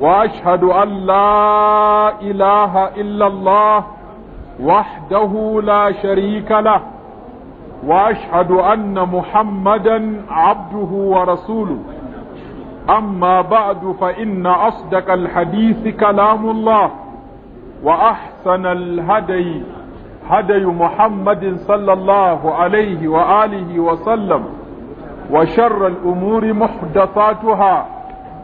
وأشهد أن لا إله إلا الله وحده لا شريك له وأشهد أن محمدا عبده ورسوله أما بعد فإن أصدق الحديث كلام الله وأحسن الهدي هدي محمد صلى الله عليه وآله وسلم وشر الأمور محدثاتها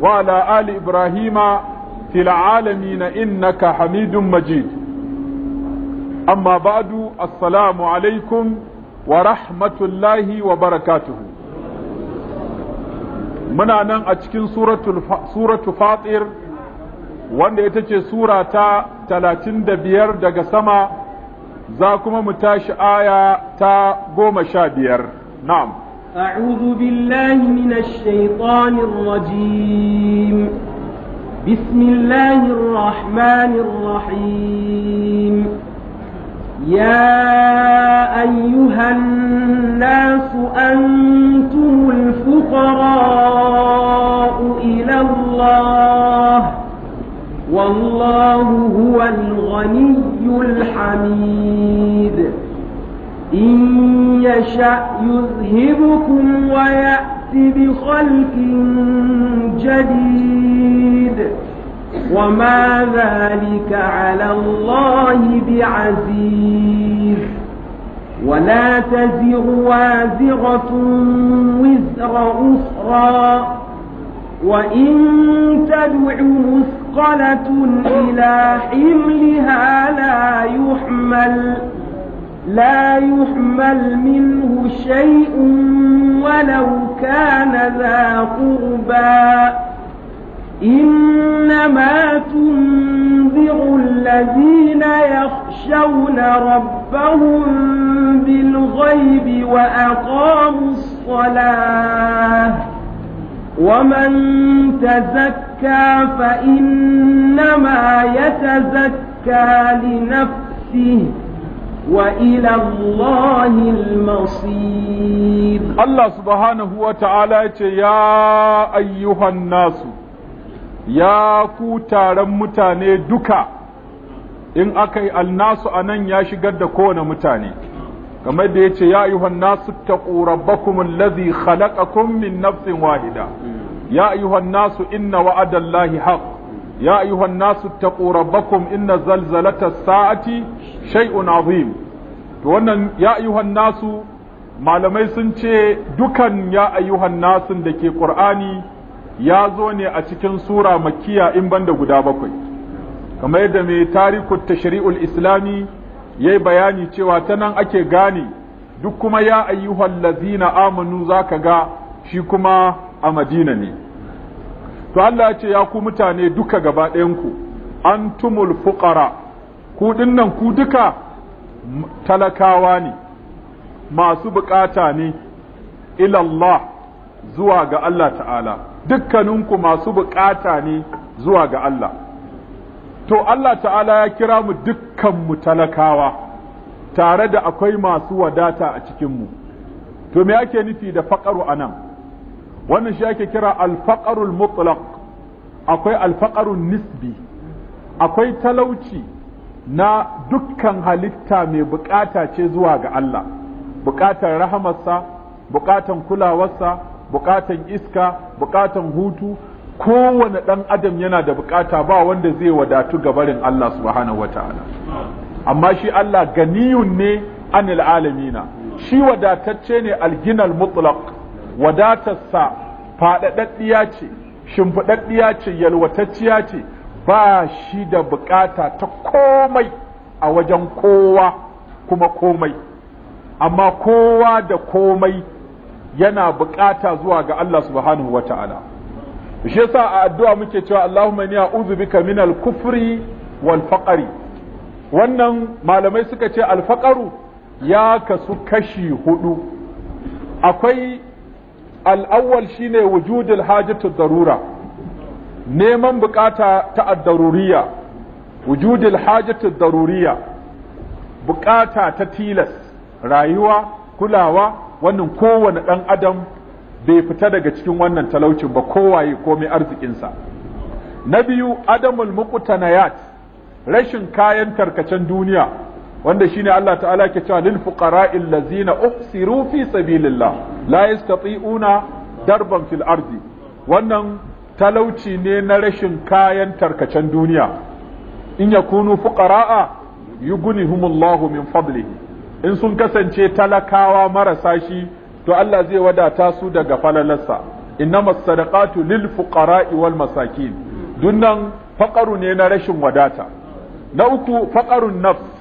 وعلى آل إبراهيم في العالمين إنك حميد مجيد أما بعد السلام عليكم ورحمة الله وبركاته muna nan a cikin suratu fatir wanda ita ce surata talatin da biyar daga sama za kuma mu tashi aya ta goma sha biyar na'am أعوذ بالله من الشيطان الرجيم بسم الله الرحمن الرحيم يا أيها الناس أنتم الفقراء إلى الله والله هو الغني الحميد إن يشأ يذهبكم ويأتي بخلق جديد وما ذلك على الله بعزيز ولا تزر وازرة وزر أخرى وإن تدع مثقلة إلى حملها لا يحمل لا يحمل منه شيء ولو كان ذا قربا إنما تنذر الذين يخشون ربهم بالغيب وأقاموا الصلاة ومن تزكى فإنما يتزكى لنفسه وإلى الله المصير الله سبحانه وتعالى يا أيها الناس يا كوتار متاني دكا إن أكي الناس أنن يشقد كون متاني كما يقول يا أيها الناس اتقوا ربكم الذي خلقكم من نفس واحدة يا أيها الناس إن وعد الله حق يا nasu ta اتقوا ربكم إن زلزلة الساعة شيء عظيم وأن يا nasu الناس malamai sun ce dukan ya nasu nasin da ke ƙur'ani ya zo ne a cikin sura makiya in banda guda bakwai kamar yadda mai tarikut tashri'ul islami yayi bayani cewa ta nan ake gane duk kuma ya ayyuhan lazina amanu zaka ga shi kuma a madina ne to Allah ya ce ya ku mutane duka gaba ɗayanku antumul fuqara ku dinnan ku duka talakawa ne masu buƙata ne ilallah zuwa ga Allah ta'ala dukkaninku masu buƙata ne zuwa ga Allah to Allah ta'ala ya kira mu dukkanmu talakawa tare da akwai masu wadata a cikinmu to me ake nufi da faƙaru anan wannan shi ake kira alfaƙarul mutlaq akwai alfakarun nisbi akwai talauci na dukkan halitta mai bukata ce zuwa ga Allah bukatar rahamarsa bukatan kulawarsa bukatan iska bukatan hutu kowane ɗan adam yana da bukata ba wanda zai wadatu gabarin Allah subhanahu wata'ala amma shi Allah ganiyun ne anil alamina shi wadatacce ne alginal mutlaq wadatarsa faɗaɗɗiya ce shimfiɗaɗɗiya ce yalwatacciya ce ba shi da bukata ta komai a wajen kowa kuma komai amma kowa da komai yana buƙata zuwa ga Allah subhanahu wa ta'ala shi yasa a addu'a muke cewa Allahumma ni a'udhu bika min al-kufri wal wannan malamai suka ce alfaƙaru ya kasu kashi hudu akwai al'awwal shi shine wujudul hajatu darura neman bukata ta ad wujudil wujudul hajatu daruriyya bukata ta tilas rayuwa kulawa wannan kowane ɗan adam bai fita daga cikin wannan talaucin ba kowaye komai arzikinsa na biyu adamul mukutanayat rashin kayan tarkacen duniya wanda shine Allah ta'ala ke cewa lil fuqara'il ladzina uhsiru fi sabilillah la yastati'una darban fil ardi wannan talauci ne na rashin kayan tarkacen duniya in yakunu fuqara'a yughnihumullahu min fadlihi in sun kasance talakawa marasa shi to Allah zai wadata su daga falalarsa innamas sadaqatu lil fuqara'i wal masakin dunnan faƙaru ne na rashin wadata na uku faƙarun nafs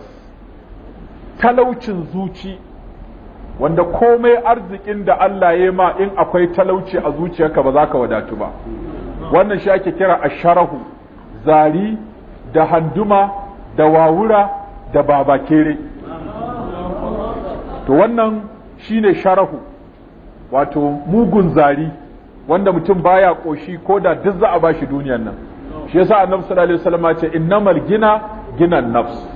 talaucin zuci wanda komai arzikin da Allah ya ma in akwai talauci a zuciyarka ba za ka wadatu ba wannan shi ake kira sharahu, zari da handuma da wawura da babakere to wannan shine sharahu wato mugun zari wanda mutum baya koshi ko da duk za a bashi duniyan nan shi yasa annabi sallallahu alaihi wasallam ya ce innamal gina ginan nafs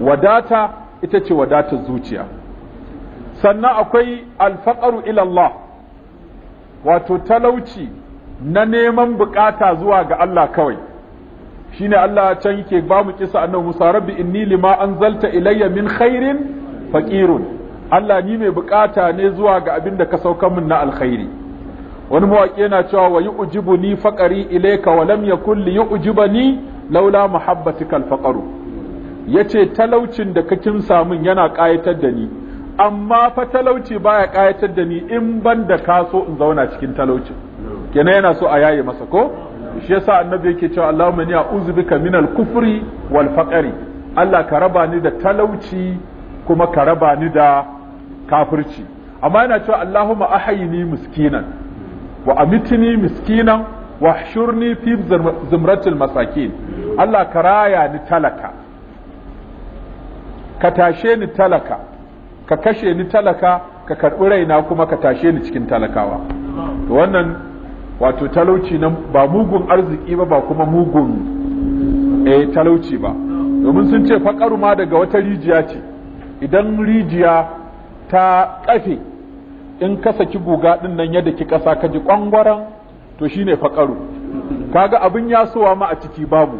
wadata ita ce wadatar zuciya sannan akwai alfaƙaru ilallah wato talauci na neman bukata zuwa ga Allah kawai shine Allah can yake ba mu kisa annabi Musa rabbi inni lima zalta ilayya min khairin faqirun Allah ni mai bukata ne zuwa ga abin da ka sauka min na alkhairi wani mawaki yana cewa wa yu'jibuni faqari ilayka wa lam yakul li yu'jibani laula muhabbatika kalfaƙaru. Ya ce talaucin da kakin samun yana ƙayatar da ni amma fa talauci baya ƙayatar da ni in ban da kaso in zauna cikin talauci kenan yana so a yaye masa ko shi yasa annabi yake cewa Allahumma ni a'udhu minal kufri wal faqri Allah ka raba ni da talauci kuma ka raba ni da kafirci amma yana cewa Allahumma ahayni miskinan wa amitni miskinan wa hshurni fi zumratil masakin Allah ka raya ni talaka ka tashe ni talaka ka kashe ni talaka ka karɓi raina kuma ka tashe ni cikin talakawa to wannan wato talauci nan ba mugun arziki ba ba kuma mugun eh talauci ba domin sun ce faƙaru ma daga wata rijiya ce idan rijiya ta ƙafe in ka saki guga ɗin nan yadda ki ƙasa ka ji ƙwangwaran to shine faƙaru kaga abin yasowa ma a ciki babu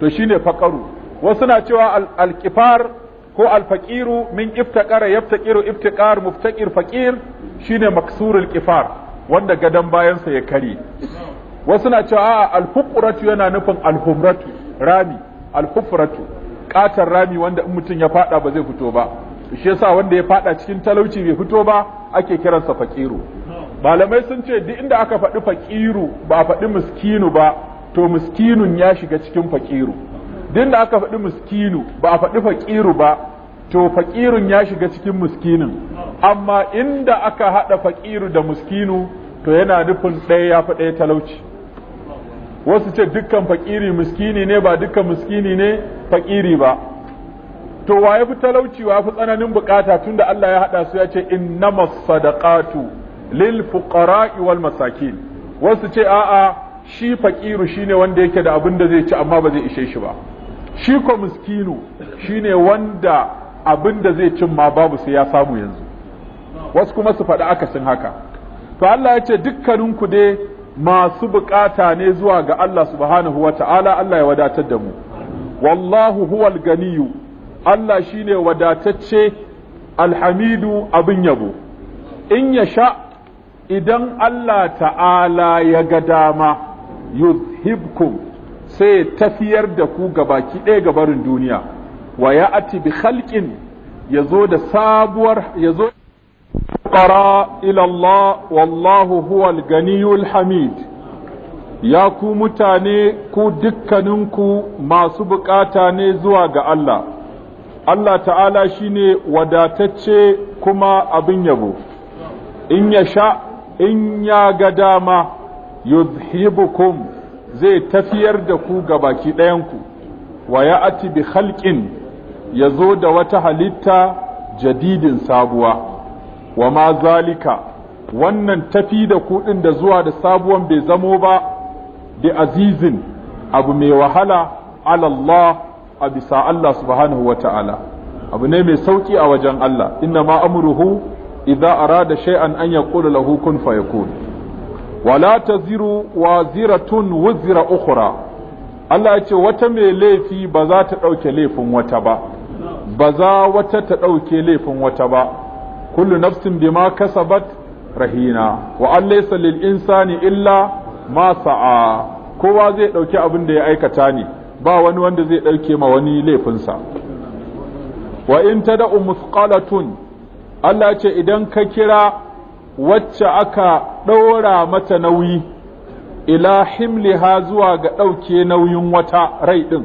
to shine faƙaru wasu na cewa alƙifar ko alfaƙiru min iftakara yaftaqiru iftiqar muftaqir faqir shine maksurul ƙifar. wanda gadan bayansa ya kare wasu na cewa a alfuqratu yana nufin alhumratu rami alhufratu ƙatar rami wanda in mutum ya faɗa ba zai fito ba shi yasa wanda ya faɗa cikin talauci bai fito ba ake kiransa faƙiru. malamai sun ce duk inda aka faɗi faƙiru ba a faɗi miskinu ba to miskinun ya shiga cikin faƙiru. din da aka faɗi miskinu ba a faɗi faƙiru ba to faƙirun ya shiga cikin miskinin amma inda aka haɗa faƙiru da miskinu to yana nufin ɗaya ya fi ɗaya talauci wasu ce dukkan faƙiri miskini ne ba dukkan miskini ne faƙiri ba to wa ya fi talauci wa fi tsananin bukata tunda Allah ya haɗa su ya ce innamas sadaqatu lil fuqara'i wal masakin wasu ce a'a shi faƙiru shine wanda yake da abin da zai ci amma ba zai ishe shi ba shi ko miskinu shine wanda abin da zai cin ma babu sai ya samu yanzu wasu kuma su faɗi akasin haka to Allah ya ce dukkaninku dai masu bukata ne zuwa ga Allah subhanahu wa ta'ala Allah ya wadatar da mu wallahu huwal ganiyu Allah shine wadatacce alhamidu abin yabo in ya sha idan Allah ta'ala ya ga dama yuzhibkum sai tafiyar da ku gabaki ɗaya ga barin duniya wa ya ati bi khalqin ya zo da sabuwar ya zo qara ila wallahu huwal ganiyul hamid ya ku mutane ku dukkaninku masu bukata ne zuwa ga Allah Allah ta'ala shine wadatacce kuma abin yabo in ya sha in ya ga dama yuzhibukum zai tafiyar da ku ga baki ɗayanku wa ya ati bi halƙin ya zo da wata halitta jadidin sabuwa wa ma zalika wannan tafi da kuɗin da zuwa da sabuwan bai zamo ba bi azizin abu mai wahala alallah a bisa Allah subhanahu wa ta'ala abu ne mai sauƙi a wajen Allah inna ma amruhu idza arada shay'an an ya lahu kun fayakun wala taziru waziratun wuzira ukhra Allah ya ce wata mai laifi ba za ta ɗauke laifin wata ba ba za wata ta ɗauke laifin wata ba kullu nafsin bima kasabat rahina wa an laysa lil insani illa ma sa'a kowa zai ɗauki abin da ya aikata ne ba wani wanda zai ɗauke ma wani laifinsa wa in tada'u musqalatun Allah ce idan ka kira wacce aka ɗora mata nauyi ila himliha zuwa ga ɗauke nauyin wata rai ɗin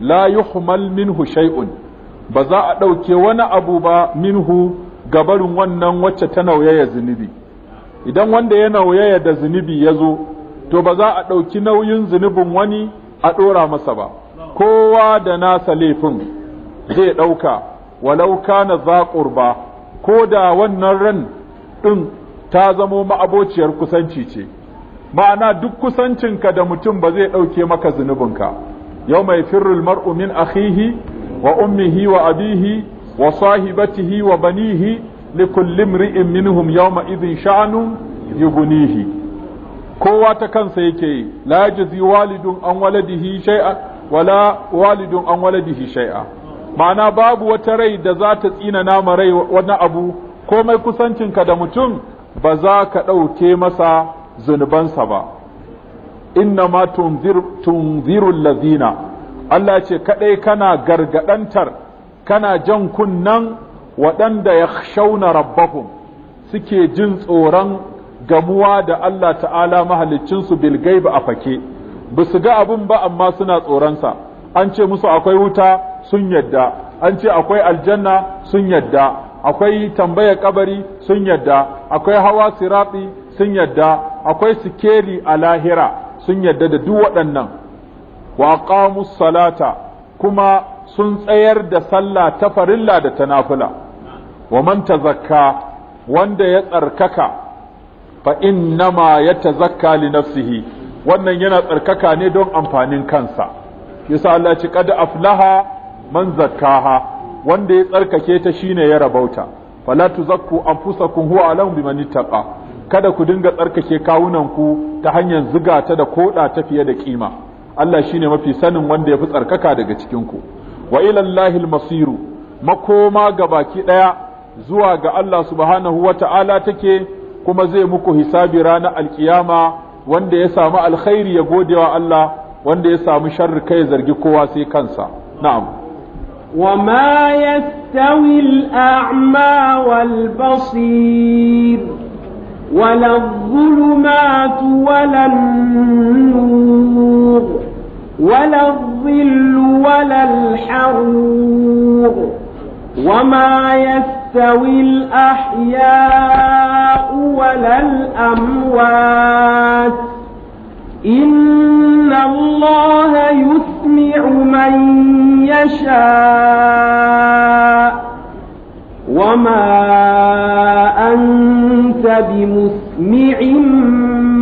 la yuhmal minhu shay'un ba za a ɗauke wani abu ba minhu gabarin wannan wacce ta nauyaya zunubi idan wanda ya nauyaya da zunubi ya zo to ba za a ɗauki nauyin zunubin wani a ɗora masa ba kowa da nasa laifin zai ɗauka walau na za ko da wannan ran ɗin ta zamo ma'abociyar kusanci ce ma'ana duk kusancinka da mutum ba zai ɗauke maka zunubinka yau mai firrul mar'u min akhihi wa ummihi wa abihi wa sahibatihi wa banihi li kulli imri'in minhum yawma idhin shanu yughnihi kowa ta kansa yake yi la yajzi walidun an waladihi shay'a wala walidun an waladihi shay'a ma'ana babu wata rai da za ta tsina nama rai wani abu komai kusancinka da mutum ba za ka ɗauke masa zunubansa ba inna ma tunzirun lazina Allah ce kaɗai kana gargaɗantar kana jan kunnan waɗanda ya shauna rabbahum suke jin tsoron gamuwa da Allah ta'ala mahaliccinsu ba a fake ba su ga abin ba amma suna tsoronsa an ce musu akwai wuta sun yadda an ce akwai aljanna sun yadda akwai tambaya kabari sun yadda akwai hawa sirati sun yadda akwai sikeli a lahira sun yadda da duk waɗannan wa qamu salata kuma sun tsayar da sallah ta farilla da ta nafila wa man tazakka wanda ya tsarkaka fa innama yatazakka li nafsihi wannan yana tsarkaka ne don amfanin kansa yasa Allah ci kada aflaha man zakkaha wanda ya tsarkake ta shine ya rabauta fala tuzakku anfusakum huwa alam biman ittaqa kada ku dinga tsarkake kawunan ku ta hanyar zuga ta da koda ta fiye da kima Allah shine mafi sanin wanda yafi tsarkaka daga cikin ku wa ila llahi masiru makoma ga baki daya zuwa ga Allah subhanahu wata'ala take kuma zai muku hisabi ranar alkiyama wanda ya samu alkhairi ya godewa Allah wanda ya samu sharri kai zargi kowa sai kansa na'am وما يستوي الأعمى والبصير ولا الظلمات ولا النور ولا الظل ولا الحرور وما يستوي الأحياء ولا الأموات إن الله يسمع من يشاء وما أنت بمسمع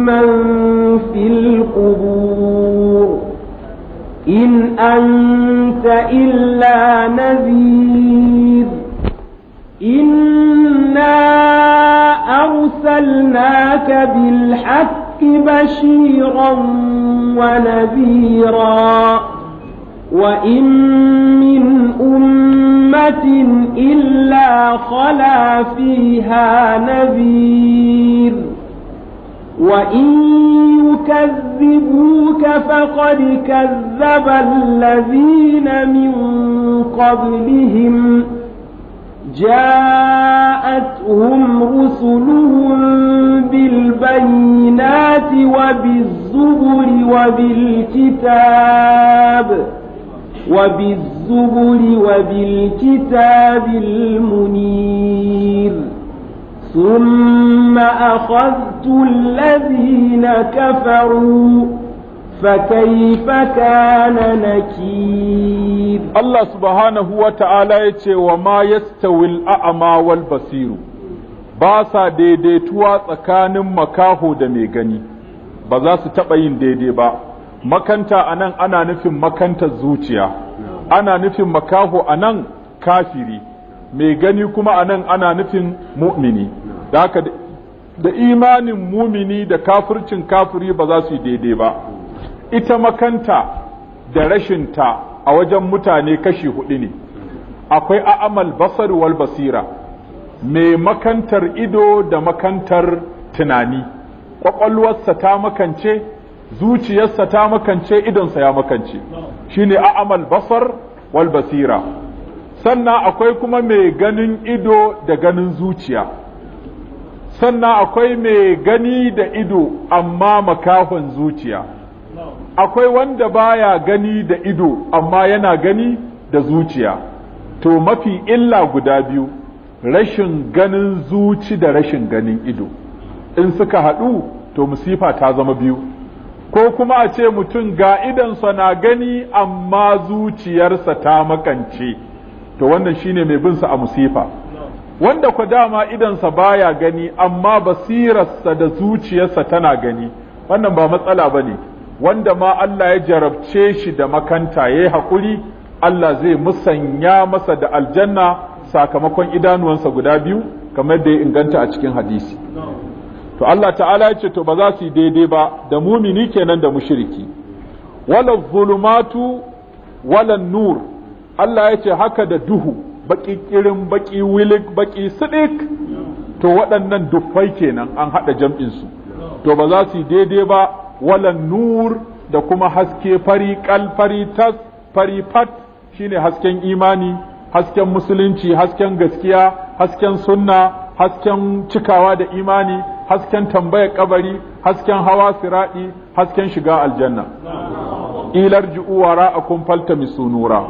من في القبور إن أنت إلا نذير إنا أرسلناك بالحق الحق بشيرا ونذيرا وإن من أمة إلا خلا فيها نذير وإن يكذبوك فقد كذب الذين من قبلهم جاءتهم رسلهم بالبينات وبالزبر وبالكتاب وبالزبر وبالكتاب المنير ثم أخذت الذين كفروا فكيف كان نكير الله سبحانه وتعالى يتي وما يستوي Basiru ba sa daidaituwa tsakanin makaho da mai gani ba za su taɓa yin daidai ba makanta a nan ana nufin makantar zuciya ana nufin makaho a nan kafiri mai gani kuma a nan ana nufin mu'mini da da imanin mumini da kafircin kafiri ba za su yi daidai ba ita makanta da rashinta a wajen mutane kashi hudu ne akwai a'amal basar wal basira mai makantar ido da makantar tunani ƙwaƙwalwarsa ta makance zuciyarsa ta makance idonsa ya makance shine a'amal basar wal basira sannan akwai kuma mai ganin ido da ganin zuciya sannan akwai mai gani da ido amma makahon zuciya akwai wanda baya gani da ido amma yana gani da zuciya to mafi illa guda biyu rashin ganin zuci da rashin ganin ido in suka haɗu to musifa ta zama biyu ko kuma a ce mutum ga sa na gani amma zuciyarsa ta makance to wannan shine mai binsa a musifa wanda ku dama sa baya gani amma basirarsa da zuciyarsa tana gani wannan ba matsala ba ne wanda ma Allah ya jarabce shi da makanta ya yi haƙuri Allah zai musanya masa da aljanna sakamakon idanuwansa guda biyu kamar da ya inganta a cikin hadisi to Allah ta'ala ya ce to ba za su yi daidai ba da mumini kenan da mushiriki. wala zulumatu wala nur Allah ya ce haka da duhu baki kirin baki wilik baki sidik to waɗannan duffai kenan an haɗa jam'insu to ba za su yi daidai ba walan nur da kuma haske fari kal fari tas fari fat shine hasken imani hasken musulunci hasken gaskiya hasken sunna hasken cikawa da imani hasken tambayar kabari hasken hawa siradi hasken shiga aljanna ilar ju'uwara a kun misunura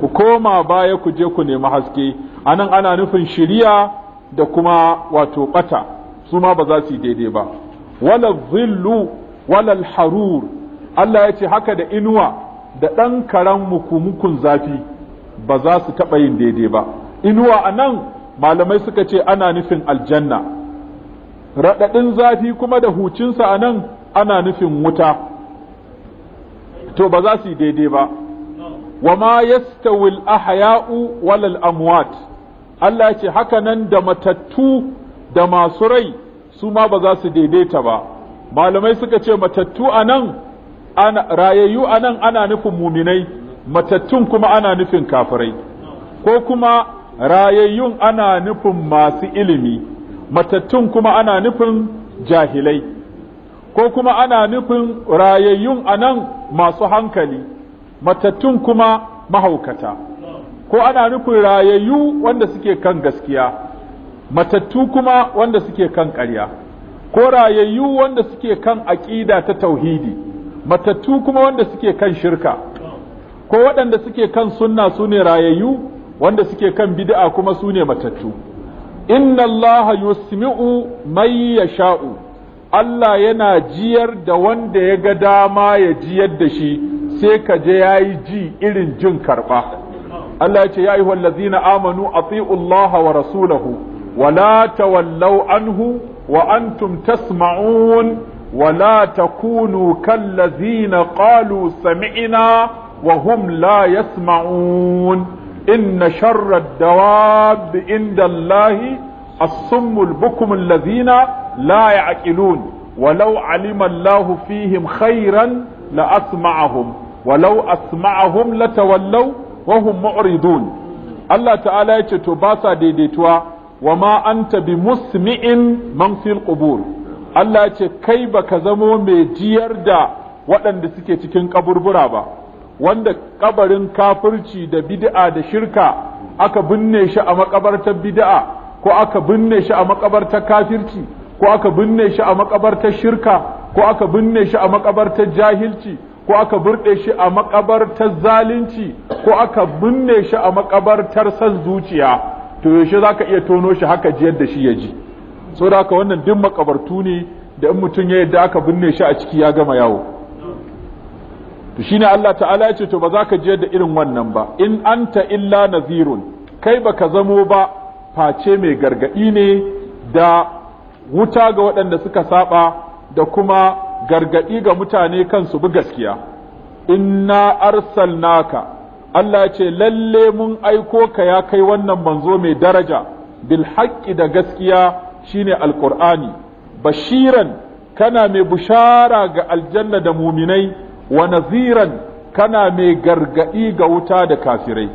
ku koma baya ku je ku nemi haske anan ana nufin shiriya da kuma wato bata su ma ba za su yi daidai ba wala zillu walal harur Allah ya ce haka da inuwa da ɗan karen mukumukun zafi ba za su taɓa yin daidai ba inuwa a nan malamai suka ce ana nufin aljanna raɗaɗin zafi kuma da hucinsa a nan ana nufin wuta to ba za su yi daidai ba wa ma yastawil ahya'u walal amwat Allah ya ce haka nan da matattu da masu rai su ma ba za su daidaita ba malamai suka ce matattu a nan rayayyu a nan ana nufin muminai matattun kuma ana nufin kafirai ko kuma rayayyun ana nufin masu ilimi matattun kuma ana nufin jahilai ko kuma ana nufin rayayyun a nan masu hankali matattun kuma mahaukata ko ana nufin rayayyu wanda suke kan gaskiya matattu kuma wanda suke kan ƙarya ko rayayyu wanda suke kan aƙida ta tauhidi matattu kuma wanda suke kan shirka ko waɗanda suke kan sunna sune ne rayayyu wanda suke kan bid'a kuma sune matattu inna Allah yusmi'u may yasha'u Allah yana jiyar da wanda ya ga dama ya jiyar da shi sai ka je yayi ji irin jin karba Allah ya ce ya ayyuhallazina amanu ati'u wa rasulahu wa la tawallaw anhu وأنتم تسمعون ولا تكونوا كالذين قالوا سمعنا وهم لا يسمعون إن شر الدواب عند الله الصم البكم الذين لا يعقلون ولو علم الله فيهم خيرا لأسمعهم ولو أسمعهم لتولوا وهم معرضون الله تعالى يتباسى ديديتوا wa ma anta bi musmi'in man fil Allah ce kai baka zamo mai jiyar da waɗanda suke cikin kaburbura ba wanda kabarin kafirci da bid'a da shirka aka binne shi a makabartar bid'a ko aka binne shi a makabartar kafirci ko aka binne shi a makabartar shirka ko aka binne shi a makabartar jahilci ko aka burɗe shi a makabartar zalunci ko aka binne shi a makabartar san zuciya to yaushe za ka iya tono shi haka jiyar da shi ya ji so da haka wannan duk makabartu ne da in mutum ya yadda aka binne shi a ciki ya gama yawo to ne Allah ta'ala ya ce to ba za ka jiyar da irin wannan ba in an ta illa nazirun kai ba ka zamo ba face mai gargaɗi ne da wuta ga waɗanda suka saba da kuma gargaɗi ga mutane kansu bi gaskiya arsal naka. Allah ce lalle mun aiko ka ya kai wannan manzo mai daraja bil haƙƙi da gaskiya shine Alƙur'ani. bashiran kana mai bushara ga aljanna da muminai wa naziran kana mai gargaɗi ga wuta da kafirai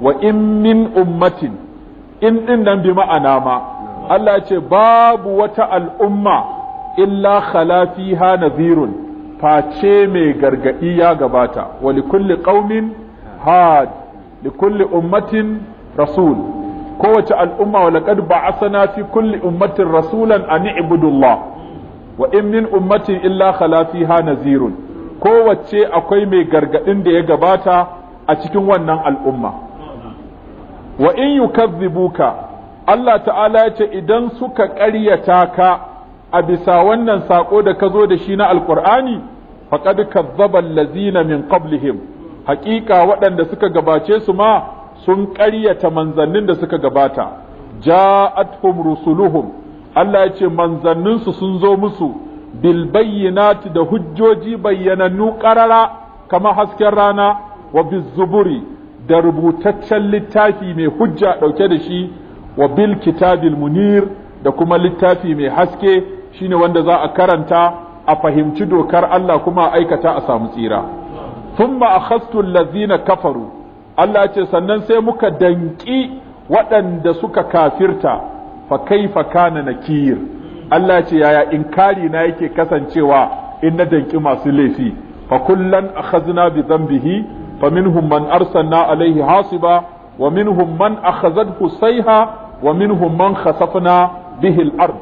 wa in min ummatin in din nan bi ma'ana ma Allah ce babu wata al'umma illa khalafiha nazirun face mai gargaɗi ya gabata wa kulli qaumin jihad li kulli ummatin rasul kowace al'umma wa laqad ba'athna fi kulli ummatin rasulan an ibudullah wa in min ummatin illa khala fiha nazirun kowace akwai mai gargadin da ya gabata a cikin wannan al'umma wa in ka. Allah ta'ala ya ce idan suka ƙaryata ka a bisa wannan saƙo da ka zo da shi na alƙur'ani faƙad kazzaba lazina min qablihim haƙiƙa waɗanda suka gabace su ma sun ƙaryata manzannin da suka gabata ja'atuhum rusuluhum Allah ya ce manzanninsu sun zo musu bil bayyinati da hujjoji bayyanannu qarara kama hasken rana wa bizuburi da rubutaccen littafi mai hujja dauke da shi wa bil kitabil munir da kuma littafi mai haske shine wanda za a karanta a fahimci dokar Allah kuma aikata a samu tsira Tun thumma akhadtu na kafaru Allah ce sannan sai muka danki waɗanda suka kafirta fa kaifa kana nakir Allah ce yaya inkari na yake kasancewa in na danki masu laifi fa kullan akhadna bi dhanbihi fa minhum man arsalna alaihi hasiba wa minhum man akhadhathu sayha wa minhum man khasafna bihi al-ard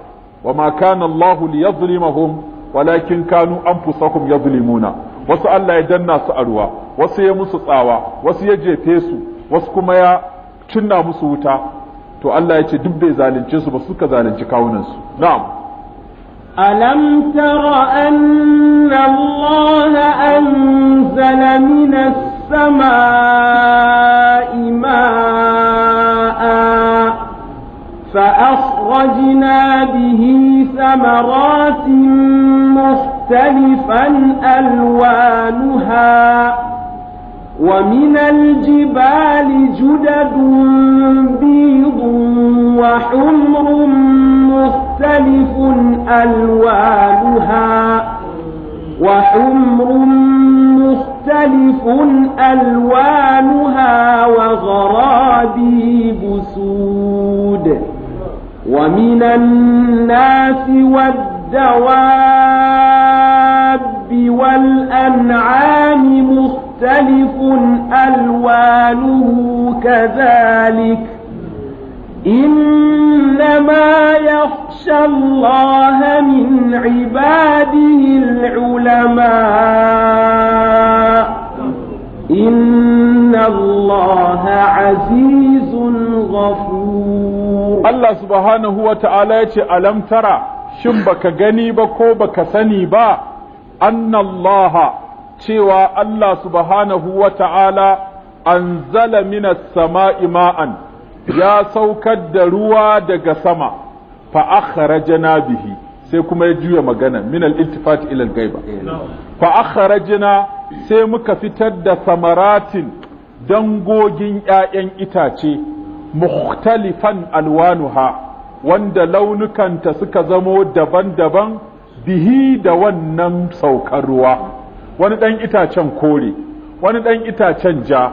wa ma kana Allah liyadhlimahum walakin kanu anfusahum yadhlimuna wasu Allah ya danna su a ruwa wasu ya musu tsawa wasu ya jefe su wasu kuma ya cinna musu wuta to Allah ya ce duk bai zalunce su ba suka zalunci kawunansu na'am alam tara anna Allah anzala minas sama'i ma'a فأخرجنا به ثمرات مختلفا ألوانها ومن الجبال جدد بيض وحمر مختلف ألوانها وحمر مختلف ألوانها وغرابيب سود ومن الناس والدواب والأنعام مختلف ألوانه كذلك إنما يخشى الله من عباده العلماء إن الله عزيز غفور Allah subhanahu wa ta'ala ya ce alam tara shin baka gani ba ko baka sani ba annallaha cewa Allah subhanahu wa ta'ala anzala minas sama'i ma'an ya saukar da ruwa daga sama fa akhrajna bihi sai kuma ya juya magana minal iltifat ila al-ghaiba fa sai muka fitar da samaratin dangogin 'ya'yan itace mukhtalifan alwanuha wanda launukanta suka zamo daban-daban bihi da wannan saukar ruwa wani ɗan itacen kore wani ɗan itacen ja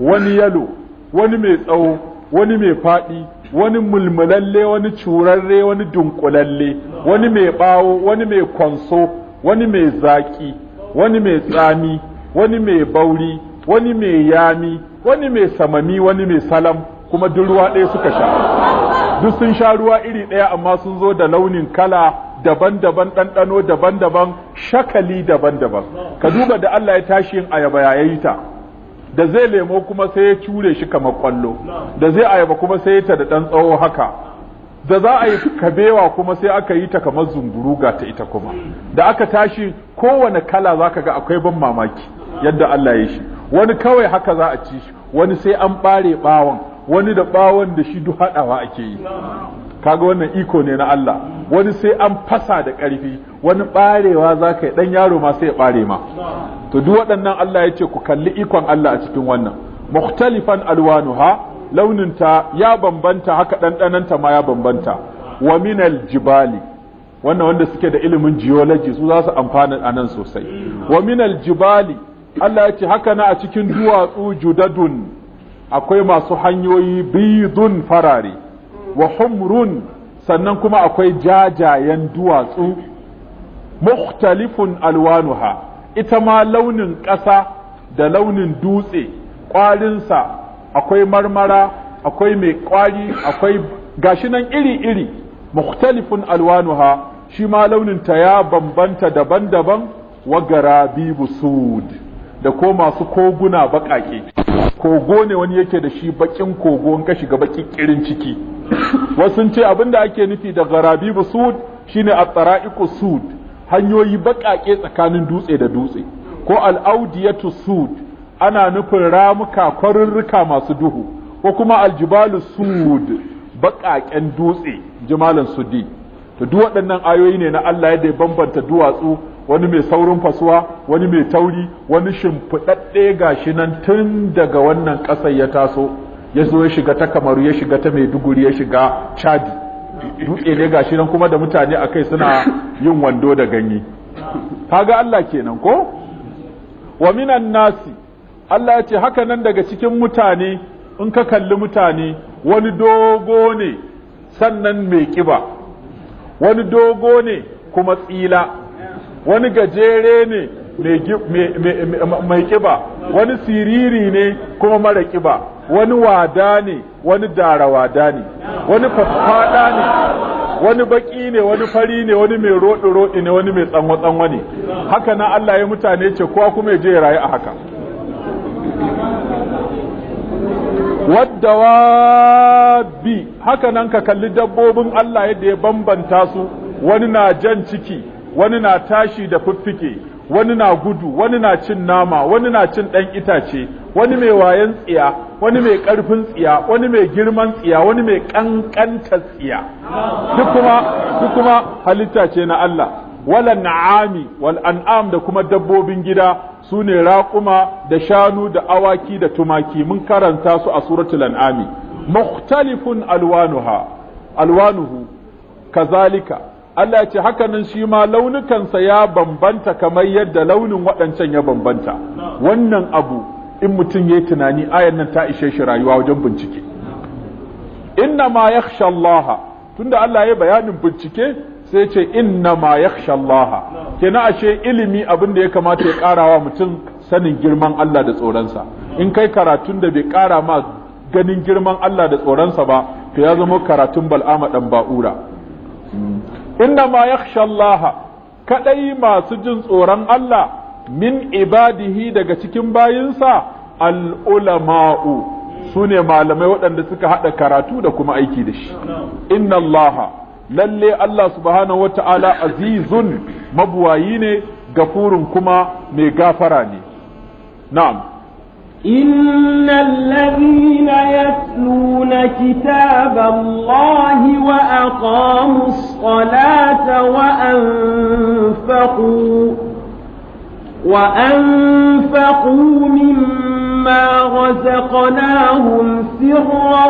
wani yalo wani mai tsawo wani mai faɗi wani mulmulalle wani curarre wani dunkulalle wani mai ɓawo wani mai kwanso wani mai zaƙi wani mai tsami wani mai bauri wani mai yami wani mai samami wani mai salam kuma duk ruwa ɗaya suka sha duk sun sha ruwa iri ɗaya amma sun zo da launin kala daban-daban ɗanɗano daban-daban shakali daban-daban ka duba da Allah ya tashi yin ayaba ya yi ta da zai lemo kuma sai ya cure shi kamar kwallo da zai ayaba kuma sai ya ta da ɗan tsawo haka da za a yi kabewa kuma sai aka yi ta kamar zunguru ga ta ita kuma da aka tashi kowane kala za ka ga akwai ban mamaki yadda Allah ya yi shi wani kawai haka za a ci shi wani sai an ɓare ɓawon wani da bawon da shi duk haɗawa ake yi kaga wannan iko ne na Allah wani sai an fasa da ƙarfi wani ɓarewa za ka yi ɗan yaro ma sai ya ɓare ma to duk waɗannan Allah ya ce ku kalli ikon Allah a cikin wannan mukhtalifan alwanuha launinta ya bambanta haka ɗanɗananta ma ya bambanta wa minal jibali wannan wanda suke da ilimin geology su za su amfana a nan sosai wa minal jibali Allah ya ce haka na a cikin duwatsu judadun akwai masu hanyoyi bidun farare wa humrun sannan kuma akwai jajayen duwatsu mukhtalifun alwanuha ita ma launin ƙasa da launin dutse ƙwarinsa akwai marmara akwai mai ƙwari akwai gashi nan iri-iri mukhtalifun alwanuha shi ma launin ta ya bambanta daban-daban wa garabi busud da ko masu koguna baƙaƙe kogo ne wani yake da shi baƙin kogo in ka shiga baƙin ƙirin ciki wasu ce abin da ake nufi da garabibu sud shine at-tara'iqu sud hanyoyi baƙaƙe tsakanin dutse da dutse ko al-audiyatu sud ana nufin ramuka kwarurruka masu duhu ko kuma aljibalu sud baƙaƙen dutse jimalan sudi to duk waɗannan ayoyi ne na Allah yadda ya bambanta duwatsu wani mai saurin fasuwa wani mai tauri wani shimfiɗaɗɗe gashi nan tun daga wannan ƙasar ya taso ya zo ya shiga ta kamaru ya shiga ta mai duguri ya shiga chadi dutse ne gashi nan kuma da mutane a kai suna yin wando da ganye kaga Allah kenan ko wa minan nasi Allah ya ce haka nan daga cikin mutane in ka kalli mutane wani dogo ne sannan mai kiba wani dogo ne kuma tsila wani gajere ne mai kiba wani siriri ne kuma mara kiba wani wada ne wani darawada ne wani fafada ne wani baki ne wani fari ne wani mai roɗi-roɗi ne wani mai tsanwa-tsanwa ne haka na Allah ya mutane ce kowa kuma ya je ya rayu a haka waddawabi haka nan ka kalli dabbobin Allah yadda ya bambanta su wani na jan ciki wani na tashi da fiffike wani na gudu wani na cin nama wani na cin ɗan itace wani mai wayan tsiya wani mai ƙarfin tsiya wani mai girman tsiya wani mai ƙanƙanta tsiya duk kuma duk kuma halitta ce na Allah wal an'ami wal an'am da kuma dabbobin gida su ne raƙuma da shanu da awaki da tumaki mun karanta su a suratul an'ami mukhtalifun alwanuha alwanuhu kazalika Allah ce hakanan shi ma launukansa ya bambanta kamar yadda launin waɗancan ya bambanta wannan abu in mutum ya yi tunani ayan nan ta ishe shi rayuwa wajen bincike inna ma yakhsha Allah tunda Allah ya bayanin bincike sai ce inna ma yakhsha Allah kina ashe ilimi abin da ya kamata ya karawa mutum sanin girman Allah da tsoronsa in kai karatun da bai kara ma ganin girman Allah da tsoronsa ba to ya zama karatun bal'ama dan ba'ura inna ma ya Allah kadai masu jin tsoron Allah min ibadihi daga cikin bayinsa al'ulama'u su ne malamai waɗanda suka haɗa karatu da kuma aiki da shi inna Allah lalle Allah subhanahu wa ta’ala azizun mabuwayi ne ga furin kuma mai gafara ne. Na’am. Inna lalina ya tsuna kitabar lahi wa aqamus qalata wa anfaqu wa anfaqu mimma ما رزقناهم سرا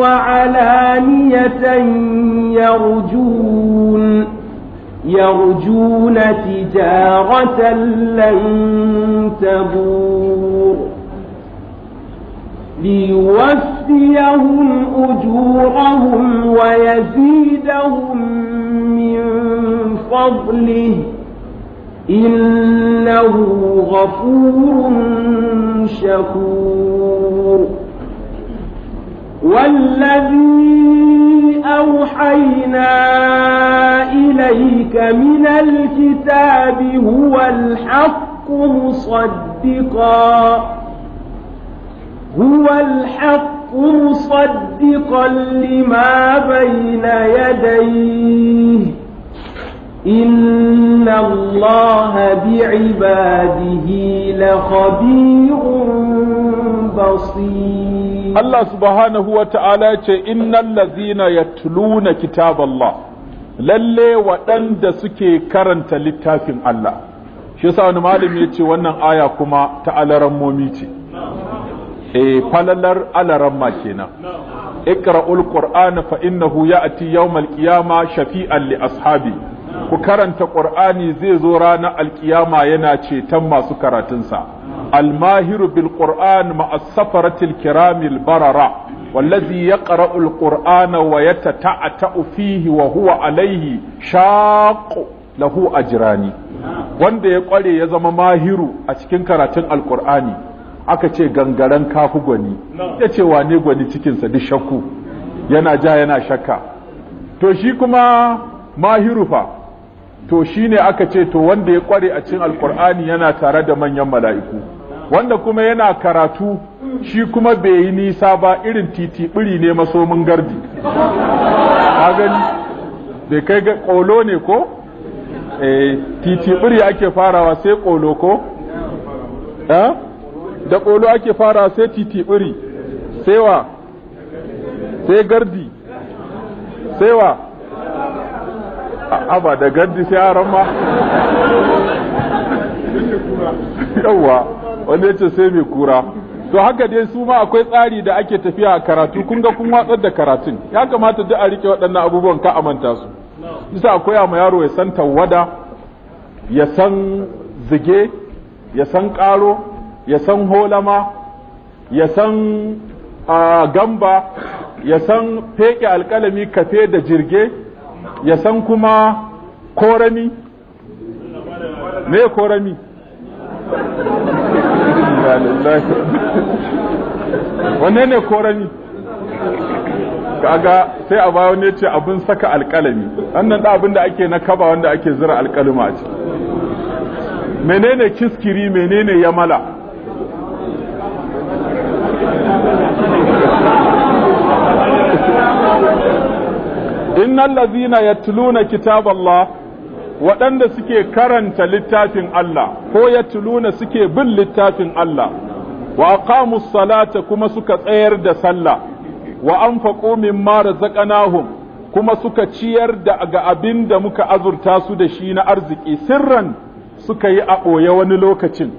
وعلانية يرجون يرجون تجارة لن تبور ليوفيهم أجورهم ويزيدهم من فضله إنه غفور شكور والذي أوحينا إليك من الكتاب هو الحق مصدقا هو الحق مصدقا لما بين يديه إن الله بعباده لخبير بصير الله سبحانه وتعالى إن الذين يتلون كتاب الله lalle waɗanda suke karanta littafin Allah shi yasa wani malami ya ce wannan aya kuma ta alaran momi ce eh, falalar alaran ma kenan iqra'ul qur'ana fa innahu ya'ti yawmal qiyama shafi'an li ashabi ku karanta qur'ani zai zo ranar alkiyama yana ceton masu karatunsa almahiru bil qur'an ma'as safaratil kiramil barara wallazi ya al qur'ana wa yatata'atu fihi wa huwa alayhi shaq lahu ajrani wanda ya ƙware ya zama mahiru a cikin karatun alƙur'ani aka ce gangaren kafu gwani ya ce wane gwani cikinsa duk shakku yana ja yana shakka to shi kuma mahiru fa to shine aka ce to wanda ya kware a cikin alkur'ani yana tare da manyan mala'iku wanda kuma yana karatu shi kuma bai yi nisa ba irin titiɓiri ne masomin gardi ka gani bai kai ga kolo ne ko eh titiɓiri ake farawa sai kolo ko eh da kolo ake farawa sai titiɓiri sai wa sai gardi sai wa aba da gaddi sai yaran ma yawa wanda yace sai mai kura to haka dai su ma akwai tsari da ake tafiya a karatu kun ga kun watsar da karatun ya kamata duk a rike waɗannan abubuwan ka amanta su bisa a koya ma yaro ya san tawada ya san zige ya san ƙaro ya san holama ya san ah, gamba ya san feƙe alƙalami kafe da jirge ya san kuma korami me korami wanne ne korami kaga sai a bayan ne ce abin saka alkalami wannan da abin da ake na kaba wanda ake zira alkalima ce menene kiskiri menene yamala innal ladhina yatluna kitaballah waɗanda suke karanta littafin Allah ko yatluna suke bin littafin Allah wa aqamus salata kuma suka tsayar da sallah wa anfaqu mimma razaqnahum kuma suka ciyar da ga abin da muka azurta su da shi na arziki sirran suka yi a ɓoye wani lokacin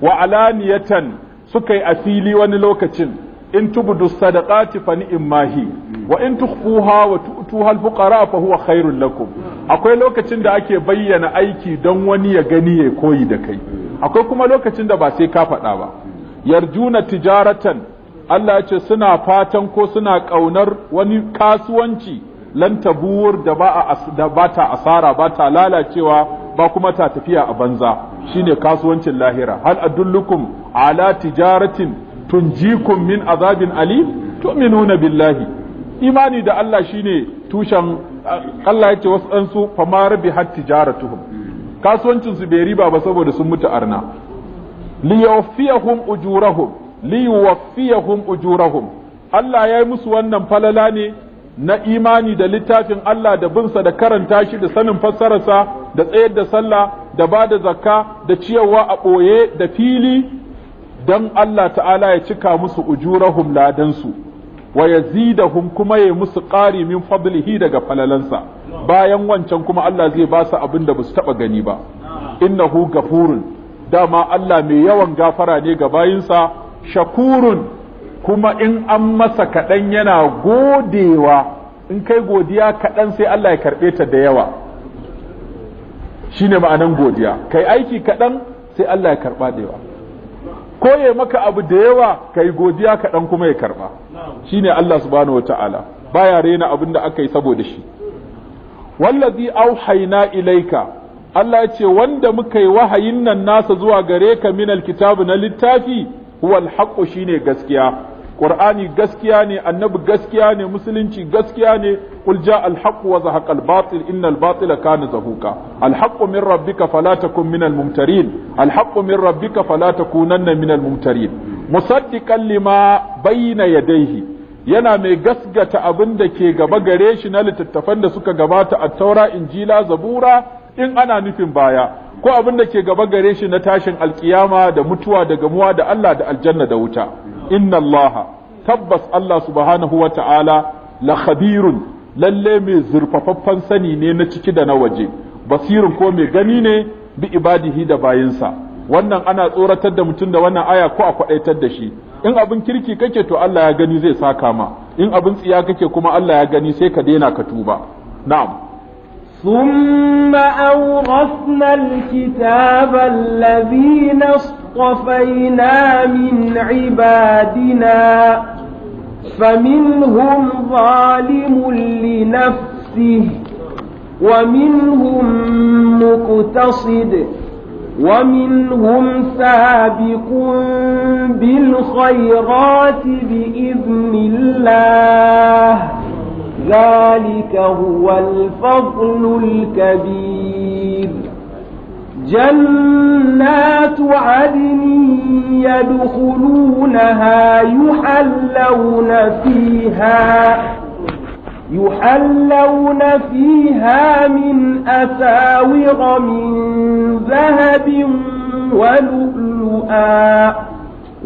wa alaniyatan suka yi a fili wani lokacin in tubudu sadaqati fa mahi, wa in tukhfuha wa tu'tuha al-fuqara fa huwa khairul lakum akwai lokacin da ake bayyana aiki don wani ya gani ya koyi da kai akwai kuma lokacin da ba sai ka faɗa ba yarjuna tijaratan Allah ya ce suna fatan ko suna ƙaunar wani kasuwanci lan tabur da ba da ba ta asara ba ta lalacewa ba kuma ta tafiya a banza shine kasuwancin lahira hal adullukum ala tijaratin tunjikum min azabin ali tu'minuna billahi imani da Allah shine tushen Allah ya ce wasu ɗan su fama rabi har tijaratuhum kasuwancin su bai riba ba saboda sun mutu arna li yuwaffiyahum ujurahum li yuwaffiyahum ujurahum Allah ya yi musu wannan falala ne na imani da littafin Allah da binsa da karanta shi da sanin fassararsa da tsayar da sallah da ba da zakka da ciyawa a ɓoye da fili don Allah ta'ala ya cika musu ujurahum ladansu wa yazidahum kuma ya musu ƙari min fadlihi daga falalansa bayan wancan kuma Allah zai ba su abin da su taɓa gani ba innahu gafurun dama Allah mai yawan gafara ne ga bayinsa shakurun kuma in an masa kaɗan yana godewa in kai godiya kaɗan sai Allah ya karɓe ta da yawa shine ma'anan godiya kai aiki kaɗan sai Allah ya karɓa da yawa Koye maka abu da yawa kai godiya ka dan kuma ya karba shine Allah subhanahu wataala baya rena abin da aka yi saboda shi wallazi auhayna ilaika Allah ya ce wanda muka yi wahayin nan nasa zuwa gare ka minal kitabu na littafi huwal haqqu shine gaskiya qur'ani gaskiya ne annabi gaskiya ne musulunci gaskiya ne qul ja al haqq wa al batil innal batila kana zahuqa al haqq min rabbika fala takun min al mumtarin al haqq min rabbika fala takunanna min al mumtarin musaddiqan lima bayna yadayhi yana mai gasgata abin da ke gaba gare shi na littattafan da suka gabata a taura injila zabura in ana nufin baya ko abin da ke gaba gare shi na tashin alkiyama da mutuwa da gamuwa da Allah da aljanna da wuta inna Allah tabbas Allah subhanahu wa ta'ala la khabirun lalle mai zurfafaffen sani ne na ciki da na waje basirin ko mai gani ne bi ibadihi da bayinsa wannan ana tsoratar da mutum da wannan aya ko a kwadaitar da shi in abin kirki kake to Allah ya gani zai saka ma in abin tsiya kake kuma Allah ya gani sai ka daina ka tuba na'am ثم أورثنا الكتاب الذين اصطفينا من عبادنا فمنهم ظالم لنفسه ومنهم مقتصد ومنهم سابق بالخيرات بإذن الله ذلك هو الفضل الكبير جنات عدن يدخلونها يحلون فيها يحلون فيها من أساور من ذهب ولؤلؤا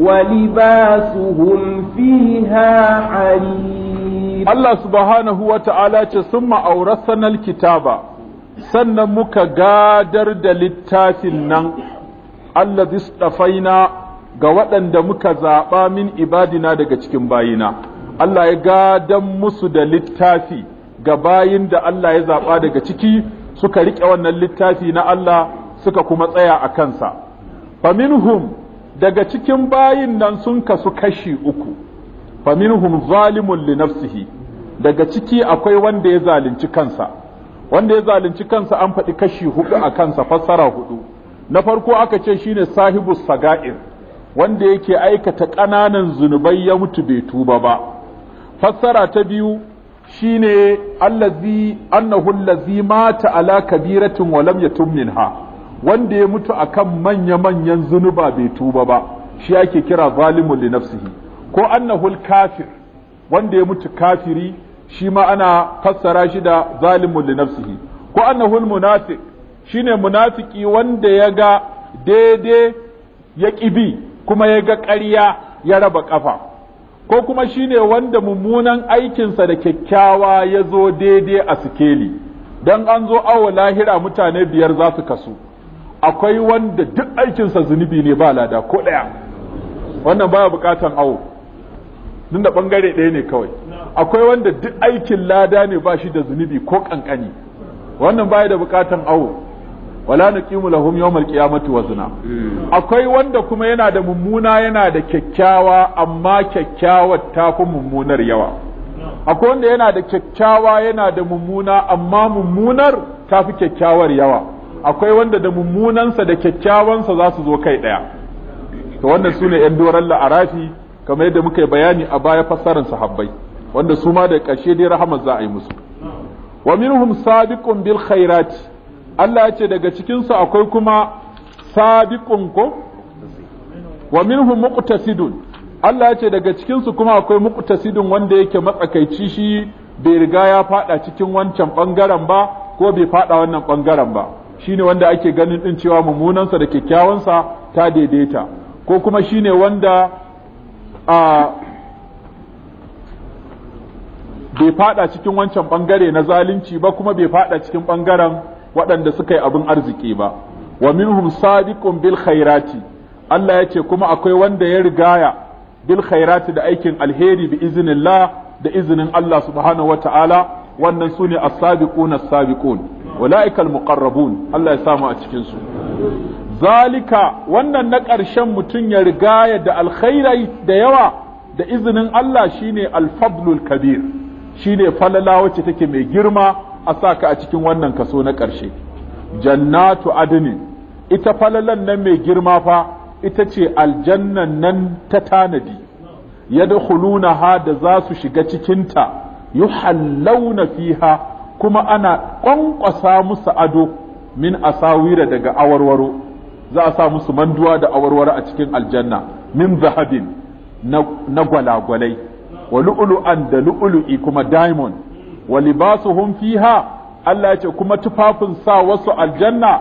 ولباسهم فيها حرير Allah subhanahu wa ta'ala ce sun ma'aurasanar kitaba sannan muka gadar da littafin nan Allah istafaina ga waɗanda muka zaɓa min ibadina daga cikin bayina Allah ya gadan musu da littafi ga bayin da Allah ya zaɓa daga ciki suka riƙe wannan littafi na Allah suka kuma tsaya a kansa faminhum daga cikin bayin nan sun kasu kashi uku faminhum zalimun li nafsihi daga ciki akwai wanda ya zalunci kansa wanda ya zalunci kansa an faɗi kashi hudu a kansa fassara hudu na farko aka ce shine sahibu saga'ir wanda yake aikata ƙananan zunubai ya mutu bai tuba ba fassara ta biyu shine allazi annahu allazi mata ala kabiratin wa lam yatum minha wanda ya mutu akan manya manyan zunuba bai tuba ba shi ake kira zalimun li nafsihi ko annahu kafir wanda ya mutu kafiri shi ma ana fassara shi da zalimun li nafsihi ko annahu munafiq shine munafiki wanda ya ga daidai ya kibi kuma ya ga ƙarya ya raba ƙafa ko kuma shine wanda mummunan aikinsa da kyakkyawa ya zo daidai a sikeli don an zo awo lahira mutane biyar za su kasu akwai wanda duk aikinsa zunubi ne ba lada ko ɗaya wannan baya bukatan awo tunda ɓangare ɗaya ne kawai akwai wanda duk aikin lada ne ba shi da zunubi ko kankani wannan baya da bukatan awo wala nuqimu lahum yawmal qiyamati wazna akwai wanda kuma yana da mummuna yana da kyakkyawa amma kyakkyawar ta fi mummunar yawa akwai wanda yana da kyakkyawa yana da mummuna amma mummunar ta fi kyakkyawar yawa akwai wanda da mummunansa da kyakkyawansa za su zo kai daya. to wannan su ne 'yan doron la'arafi kamar yadda muka yi bayani a baya fassarar sahabbai wanda su ma da ƙarshe dai rahama za a yi musu wa minhum sabiqun bil khairat Allah ya ce daga cikin su akwai kuma sabiqun ko wa minhum muqtasidun Allah ya ce daga cikin su kuma akwai muqtasidun wanda yake matsakaici shi bai riga ya fada cikin wancan bangaren ba ko bai fada wannan bangaren ba shine wanda ake ganin din cewa mummunan sa da kyakkyawansa ta daidaita ko kuma shine wanda bai fada cikin wancan bangare na zalunci ba kuma bai fada cikin bangaren waɗanda suka yi abin arziki ba wa minhum sadiqun bil khairati Allah ya ce kuma akwai wanda ya rigaya bil khairati da aikin alheri bi iznillah da izinin Allah subhanahu wata'ala wannan su ne as-sabiqun as-sabiqun ulaika al-muqarrabun Allah ya samu a cikin su zalika wannan na ƙarshen mutum ya rigaya da alkhairai da yawa da izinin Allah shine al-fadlul kabir Shi ne falala wacce take mai girma a sa ka a cikin wannan kaso na ƙarshe jannatu adnin ita falalan nan mai girma fa ita ce aljannan nan ta tanadi da ha da za su shiga cikinta yuhallawna fiha kuma ana ƙwanƙwasa musu ado min asawira daga awarwaro za a sa musu manduwa da awarwaro a cikin aljanna min zahabin na gwalagwalai wa lu'lu'an da lu'lu'i kuma diamond wa libasuhum fiha Allah ce kuma tufafin sa wasu aljanna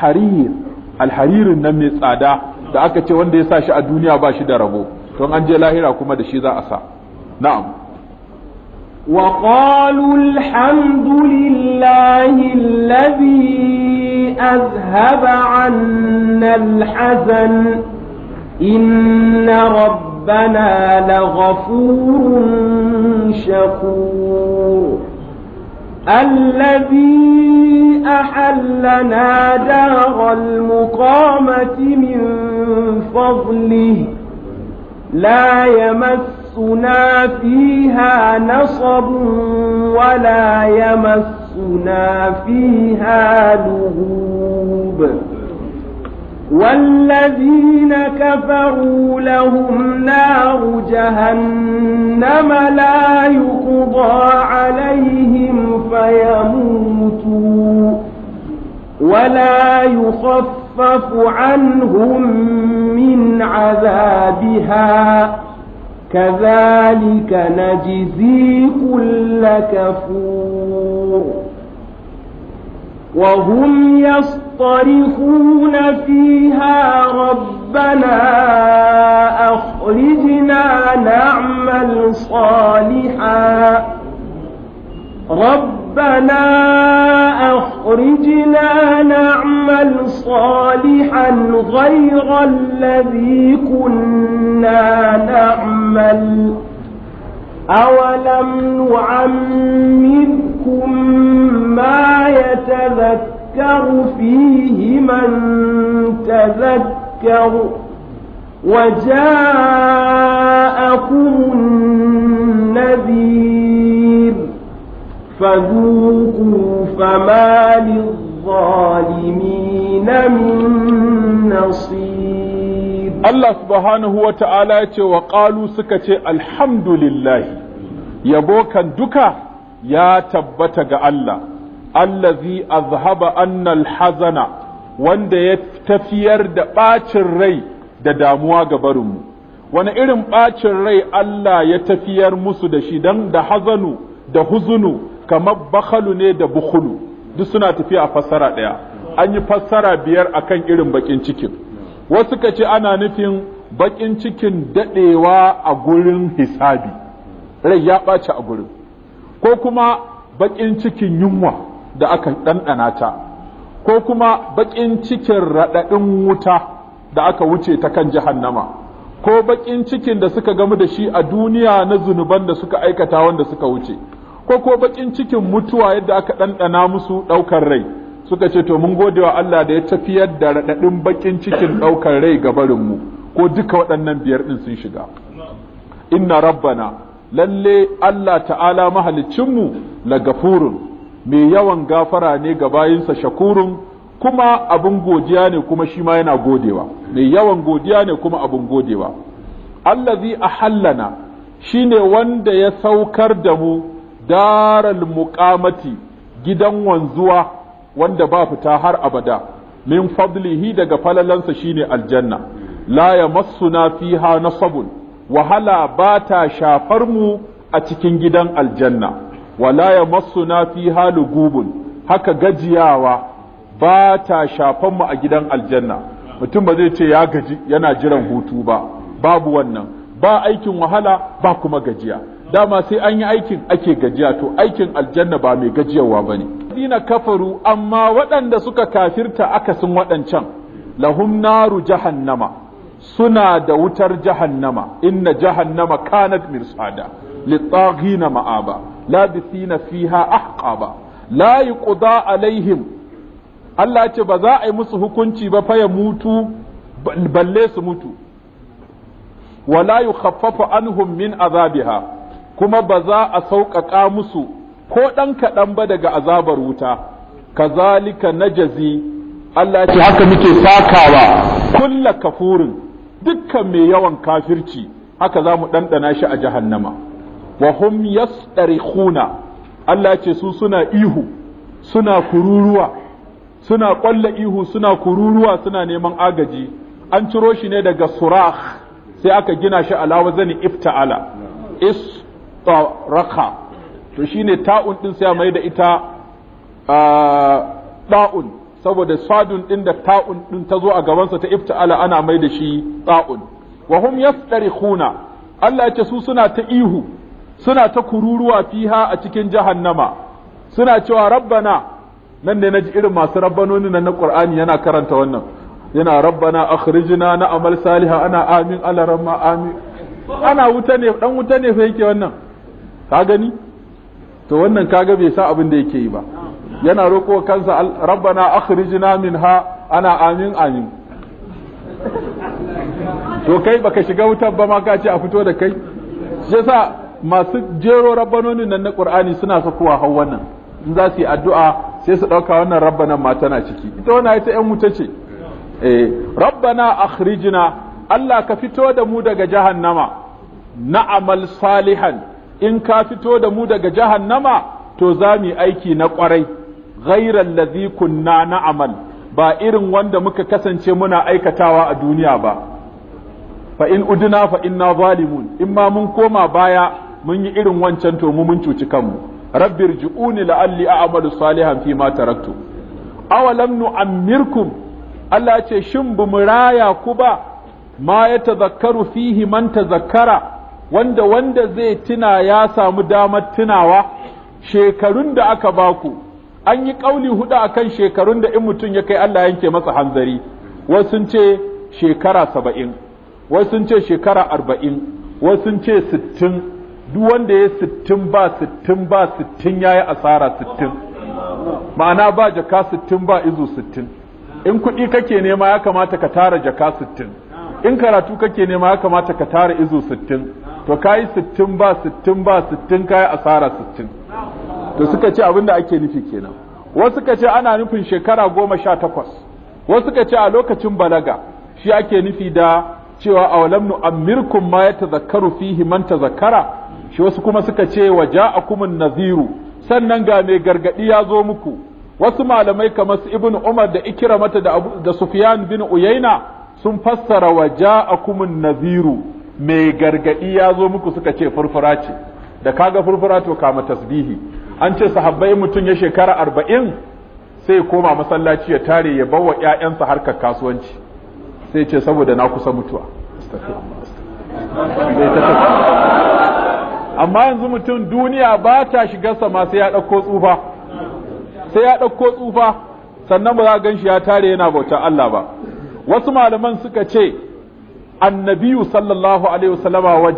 harir alharirin nan mai tsada da aka ce wanda ya sa shi a duniya ba shi da rabo don an je lahira kuma da shi za a sa na'am وقالوا الحمد لله الذي أذهب عنا الحزن إن رب ربنا لغفور شكور الذي أحلنا دار المقامة من فضله لا يمسنا فيها نصب ولا يمسنا فيها لغوب والذين كفروا لهم نار جهنم لا يقضى عليهم فيموتوا ولا يخفف عنهم من عذابها كذلك نجزي كل كفور وهم يصطرخون فيها ربنا أخرجنا نعمل صالحا ربنا أخرجنا نعمل صالحا غير الذي كنا نعمل أولم نعمركم ما يتذكر فيه من تذكر وجاءكم النذير فذوقوا فما للظالمين من نصير الله سبحانه وتعالى وقالوا سكت الحمد لله يبوكا دكا ya tabbata ga Allah allazi azhaba annal hazana wanda ya tafiyar da ɓacin rai da damuwa ga barinmu wani irin ɓacin rai Allah ya tafiyar musu da shi dan da hazanu da huzunu kamar bakhalu ne da bukhulu duk suna tafiya a fassara ɗaya an yi fassara biyar akan irin bakin cikin wasu ka ce ana nufin bakin cikin daɗewa a gurin hisabi rai ya ɓaci a gurin ko kuma bakin cikin yunwa da aka ɗanɗana ta ko kuma baƙin cikin raɗaɗin wuta da aka wuce ta kan jahannama ko baƙin cikin da suka gamu da shi a duniya na zunuban da suka aikata wanda suka wuce ko ko baƙin cikin mutuwa yadda aka ɗanɗana musu ɗaukar rai suka ce to mun gode wa Allah da ya tafiyar da raɗaɗin baƙin cikin ɗaukar rai ga barinmu ko duka waɗannan biyar ɗin sun shiga inna rabbana lalle Allah ta'ala mahalicinmu la gafurun mai yawan gafara ne ga bayinsa shakurun kuma abin godiya ne kuma shi ma yana godewa mai yawan godiya ne kuma abin godewa allazi shi ne wanda ya saukar da mu daral muqamati gidan wanzuwa wanda ba fita har abada min fadlihi daga falalansa shine aljanna la ya yamassuna fiha nasabun wahala ba ta shafar mu a cikin gidan aljanna wala fi fiha lugubun haka gajiyawa ba ta shafan mu a gidan aljanna mutum ba zai ce ya gaji yana jiran hutu ba babu wannan ba aikin wahala ba kuma gajiya dama sai an yi aikin ake gajiya to aikin aljanna ba mai gajiyawa ba ne dina kafaru amma waɗanda suka kafirta aka sun waɗancan lahum naru jahannama suna da wutar jahannama inna jahannama kanat mirsada litaghina ma'aba labithina fiha ahqaba la yuqda alaihim Allah ce ba za a yi musu hukunci ba fa ya mutu balle su mutu wala yukhaffafu anhum min azabiha kuma ba za a sauƙaƙa musu ko ɗan kaɗan ba daga azabar wuta kazalika najazi Allah ce haka muke sakawa kulla kafurin dukkan mai yawan kafirci haka za mu ɗanɗana shi a jahannama wa hum yastarikhuna Allah ce su suna ihu suna kururuwa suna kwalla ihu suna kururuwa suna neman agaji an ciro shi ne daga surah sai aka gina shi ala wazani ifta'ala istaraka to shine ta'un din sai mai da ita ta'un saboda sadun din da ta'un din ta zo a gabansa ta ifta'ala ana mai da shi ta'un wa hum yastarikhuna Allah ya ce su suna ta ihu suna ta kururuwa fiha a cikin jahannama suna cewa rabbana nan ne naji irin masu rabbanoni nan na qur'ani yana karanta wannan yana rabbana akhrijna na amal saliha ana amin ala ramma amin ana wuta ne dan wuta ne fa yake wannan ka gani to wannan kaga bai sa abin da yake yi ba yana roƙo kansa rabbana akhrijna minha ana amin amin to kai baka shiga wutar ba ma ka ce a fito da kai shi yasa masu jero rabbanonin nan na qur'ani suna sakowa har wannan in za su yi addu'a sai su ɗauka wannan rabbanan mata na ciki ita wannan ita yan wuta ce eh rabbana akhrijna Allah ka fito da mu daga jahannama na'amal salihan in ka fito da mu daga jahannama to za mu aiki na kwarai ghayra Lazikun kunna na'amal ba irin wanda muka kasance muna aikatawa a duniya ba fa in udina fa inna zalimun in ma mun koma baya mun yi irin wancan to mun cuci kanmu rabbir ji'uni la'alli a'malu salihan fi ma taraktu lam nu'ammirkum Allah ce shin bu mu raya ku ba ma ya tazakkaru fihi man tazakkara wanda wanda zai tuna ya samu damar tunawa shekarun da aka baku an yi kauli hudu akan shekarun da in mutum ya kai Allah yanke masa hanzari wasu sun ce shekara saba'in wasu sun ce shekara arba'in wasu sun ce sittin duk wanda ya sittin ba sittin ba sittin ya yi asara sittin ma'ana ba jaka sittin ba izo sittin in kuɗi kake nema ya kamata ka tara jaka sittin in karatu kake nema ya kamata ka tara izo sittin to ka yi sittin ba sittin ba sittin ka yi asara sittin to suka ce abin da ake nufi kenan wasu kace ce ana nufin shekara goma sha takwas wasu kace ce a lokacin balaga shi ake nufi da cewa a nu amirkun ma ya tazakkaru fihi man zakara. shi wasu kuma suka ce wa ja'akumun naziru sannan ga mai gargadi ya zo muku wasu malamai kamar su ibnu umar da ikramata da da sufyan bin uyaina sun fassara wa ja'akumun naziru mai gargadi ya zo muku suka ce furfura ce da kaga furfura to kama tasbihi an ce sahabbai mutum ya shekara arba'in sai koma masallaci ya tare ya bawa ƴaƴansa harkar kasuwanci sai ce saboda na kusa mutuwa amma yanzu mutum duniya ba ta shiga sama sai ya ɗauko tsufa sai ya ɗauko tsufa sannan ba za gan shi ya tare yana bautar Allah ba wasu malaman suka ce annabiyu sallallahu alaihi wasallama wa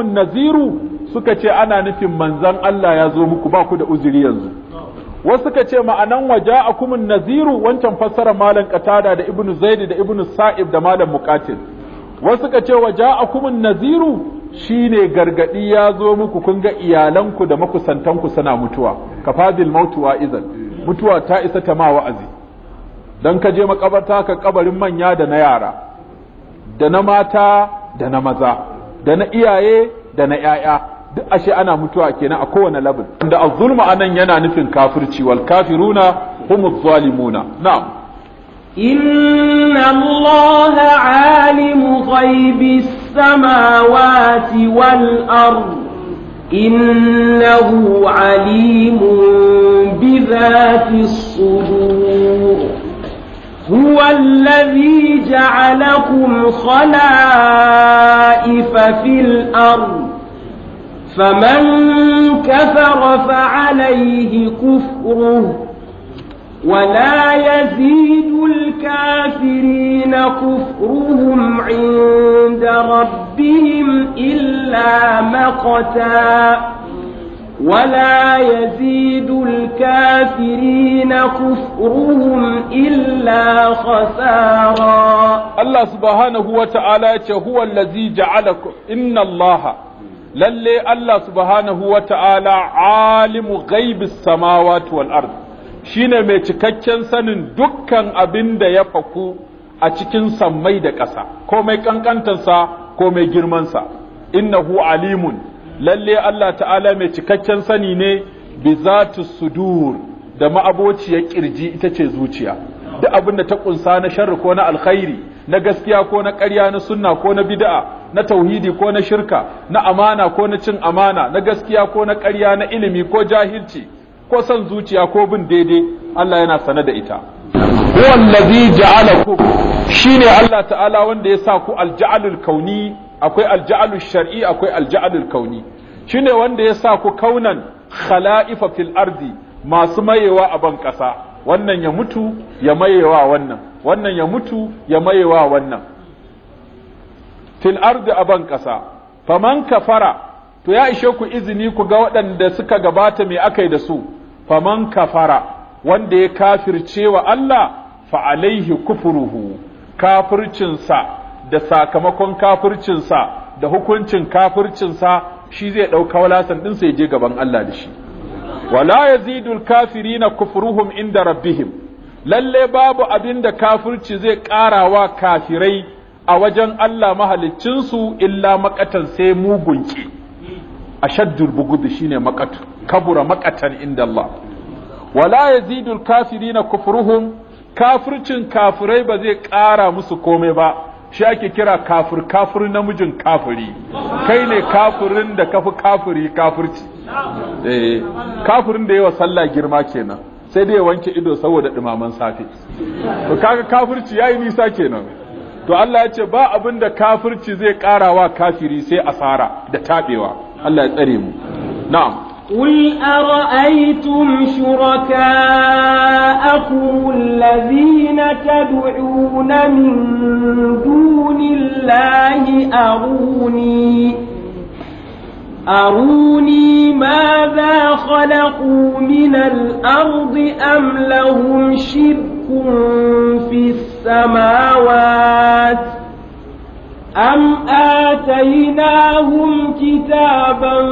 an naziru suka ce ana nufin manzon Allah ya zo muku ba ku da uzuri yanzu wasu suka ce ma'anan wa an naziru wancan fassara malam katada da ibnu zaid da ibnu sa'ib da malam muqatil wasu suka ce wa an naziru Shi ne gargadi ya zo muku kun ga iyalanku da makusantanku suna mutuwa fadil mautuwa izan mutuwa ta isa ta ma wa'azi Don ka je makabarta ka kabarin manya da na yara da na mata da na maza da na iyaye da na yaya duk ashe ana mutuwa kenan a kowane labin da azulma anan yana nufin kafirci wal kafiruna humuz zalimuna na'am إن الله السماوات والأرض إنه عليم بذات الصدور هو الذي جعلكم خلائف في الأرض فمن كفر فعليه كفره ولا يزيد الكافرين كفرهم عند ربهم إلا مقتا ولا يزيد الكافرين كفرهم إلا خسارا الله سبحانه وتعالى هو الذي جعلكم إن الله للي الله سبحانه وتعالى عالم غيب السماوات والأرض shine mai cikakken sanin dukkan abin da ya faku a cikin sammai da ƙasa ko mai ƙanƙantarsa ko mai girmansa Inna innahu alimun lalle Allah ta'ala mai cikakken sani ne bi su sudur da ma'abociyar ƙirji ita ce zuciya duk abin da ta ƙunsa na sharri ko na alkhairi na gaskiya ko na ƙarya na sunna ko na bida'a, na tauhidi ko na shirka na amana ko na cin amana na gaskiya ko na ƙarya na ilimi ko jahilci ko son zuciya ko bin daidai Allah yana sane da ita wallazi ja'alakum shine Allah ta'ala wanda ya sa ku alja'alul kauni akwai alja'alul shar'i akwai alja'alul kauni shine wanda ya sa ku kaunan khala'ifa fil ardi masu mayewa a ban kasa wannan ya mutu ya mayewa wannan wannan ya mutu ya mayewa wannan fil ardi a ban ƙasa faman kafara to ya ishe ku izini ku ga waɗanda suka gabata me akai da su faman kafara wanda ya kafirce wa Allah fa alaihi kufuruhu kafircinsa da sakamakon kafircinsa da hukuncin kafircinsa shi zai ɗauka walasan ɗin sai je gaban Allah da shi wala yazidul kafirina kufruhum inda rabbihim lalle babu abin da kafirci zai ƙarawa kafirai a wajen Allah mahaliccinsu illa makatan sai mugunki ashaddul bugud shine maqat kabura maqatan inda Allah wala yazidul na kufruhum kafircin kafirai ba zai ƙara musu komai ba shi ake kira kafir kafir namijin kafiri kai ne kafirin da kafi kafiri kafirci eh kafirin da yawa sallah girma kenan sai dai wanke ido saboda dumaman safe to kaga kafirci yayi nisa kenan to Allah ya ce ba abin da kafirci zai ƙara wa kafiri sai asara da tabewa Allah ya tsare قل أرأيتم شركاءكم الذين تدعون من دون الله أروني أروني ماذا خلقوا من الأرض أم لهم شرك في السماوات ۖ أم آتيناهم كتابا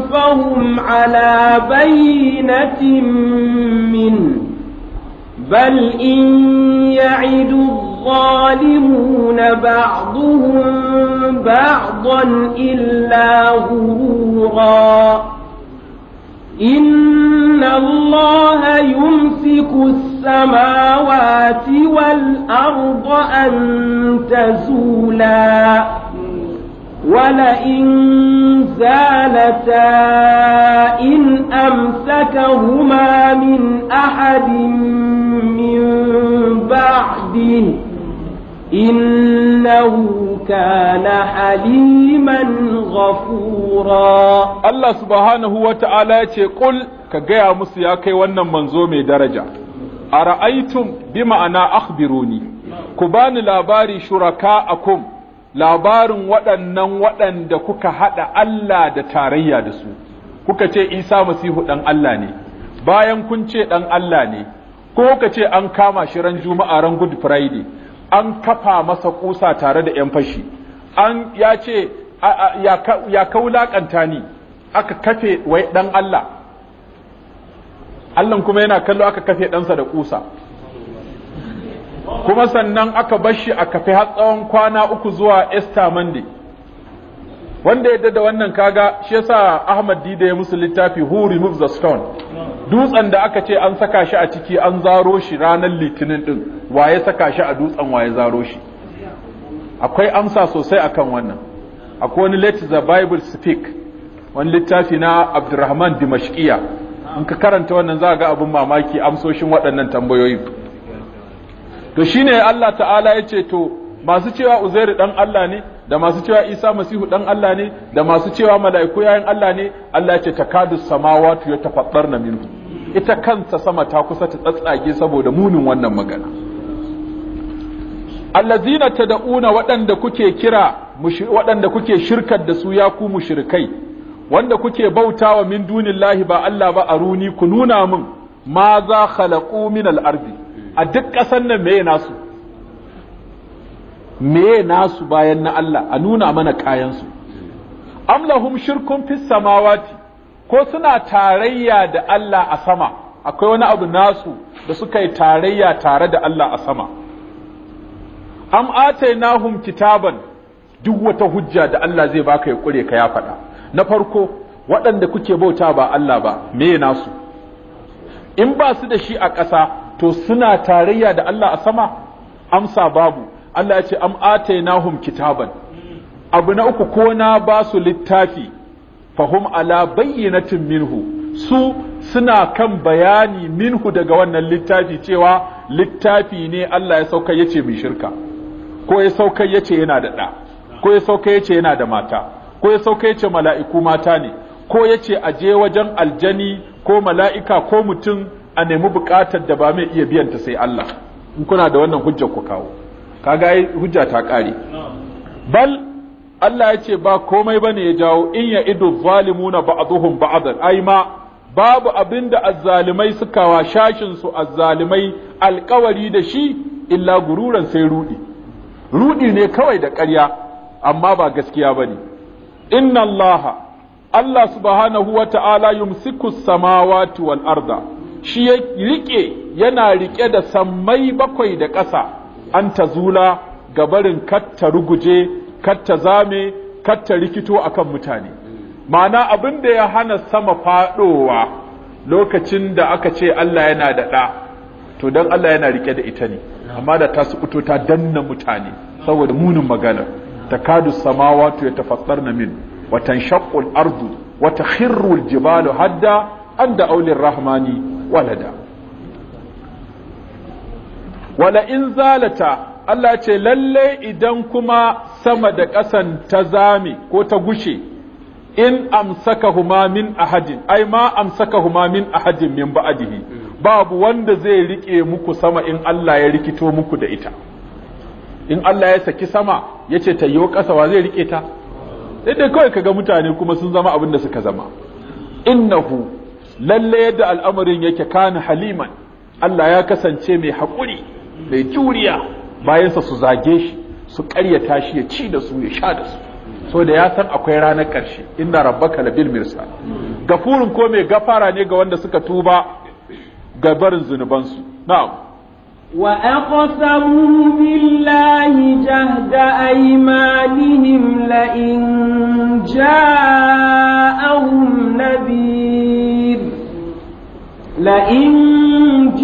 فهم على بينة منه بل إن يعد الظالمون بعضهم بعضا إلا غرورا إن الله يمسك السماوات والأرض أن تزولا ولئن زالتا إن أمسكهما من أحد من بعده إنه كان حليما غفورا الله سبحانه وتعالى يقول ka gaya musu ya kai wannan manzo mai daraja ara'aytum bi ma'ana akhbiruni ku bani labari shuraka akum labarin waɗannan waɗanda kuka haɗa Allah da tarayya da su kuka ce Isa Masihu ɗan Allah ne bayan kun ce ɗan Allah ne ko kuka ce an kama shi ran Juma'a ran Good Friday an kafa masa kusa tare da ‘yan fashi an ya ce ya kaulakanta ni aka kafe wai ɗan Allah Allah kuma yana kallo aka kafe ɗansa da ƙusa. kuma sannan aka bashi a kafe har tsawon kwana uku zuwa Easter Monday wanda yadda da wannan kaga shi yasa Ahmad Dida ya musu littafi who removes the stone dutsen da aka ce an saka shi a ciki an zaro shi ranar litinin din waye saka shi a dutsen waye zaro shi akwai amsa sosai akan wannan akwai wani let the bible speak wani littafi na Abdurrahman Dimashkiya. in ka karanta wannan za ga abin mamaki amsoshin waɗannan tambayoyi to shi ne Allah ta'ala ya ce to masu cewa Uzairu ɗan Allah ne da masu cewa Isa Masihu ɗan Allah ne da masu cewa mala'iku yayin Allah ne Allah ya ce ya tafaddar na minhu ita kanta sama ta kusa ta tsatsage saboda munin wannan magana allazina tad'una waɗanda kuke kira waɗanda kuke shirkar da su ya ku mushrikai wanda kuke bautawa min dunillahi ba Allah ba a runi ku nuna min ma za khalaqu min al-ardi a duk ƙasar nan meye nasu meye nasu bayan na Allah a nuna mana kayan su am lahum shirkun fis samawati ko suna tarayya da Allah a sama akwai wani abu nasu da suka yi tarayya tare da Allah a sama am atainahum kitaban duk wata hujja da Allah zai baka ya kure ka ya faɗa na farko waɗanda kuke bauta ba Allah ba me nasu in ba su da shi a ƙasa to suna tarayya da Allah a sama amsa babu Allah ya ce am atainahum kitaban abu na uku ko na ba su littafi fahum ala bayyinatin minhu su suna kan bayani minhu daga wannan littafi cewa littafi ne Allah ya sauka yace mai shirka ko ya sauka yace yana da ɗa ko ya sauka yace yana da mata ko ya sauka yace mala'iku mata ne ko yace a je wajen aljani ko mala'ika ko mutum a nemi buƙatar da ba mai iya biyan ta sai Allah in kuna da wannan hujjar ku kawo kaga ai hujja ta kare bal Allah ya ce ba komai bane ya jawo in ya idu zalimuna ba'dhum ba'dan ai ma babu abinda da azzalimai suka wa shashinsu azzalimai alkawari da shi illa gururan sai ruɗi, ruɗi ne kawai da ƙarya amma ba gaskiya ba ne inna Allah Allah subhanahu wa ta'ala yumsiku samawati wal arda shi ya rike yana riƙe da sammai bakwai da ƙasa an ta zula gabarin katta ruguje katta zame katta rikito akan mutane ma'ana abin da ya hana sama faɗowa lokacin da aka ce Allah yana da ɗa to don Allah yana rike da ita ne amma da ta su ta danna mutane saboda munin maganar takadu samawati na min watan shak'ul ardu wata takhirru jibalu hadda adda aulin rahmani walada wala in zalata Allah ce lalle idan kuma sama da ƙasan ta zame ko ta gushe in amsaka min ahadin ai ma amsaka min ahadin min ba'dihi babu wanda zai riƙe muku sama in Allah ya rikito muku da ita in Allah ya saki sama ya ce ta yi ƙasa wa zai rike ta inda kawai kaga mutane kuma sun zama abin da suka zama innahu lalle yadda al'amarin yake kana haliman Allah ya kasance mai haƙuri mai juriya bayansa su zage shi su ƙaryata shi ya ci da su ya sha da su so da ya san akwai ranar ƙarshe inna rabbaka labil mirsa gafurin ko mai gafara ne ga wanda suka tuba ga barin zunubansu na'am وأقسموا بالله جهد أيمانهم لئن جاءهم نذير لئن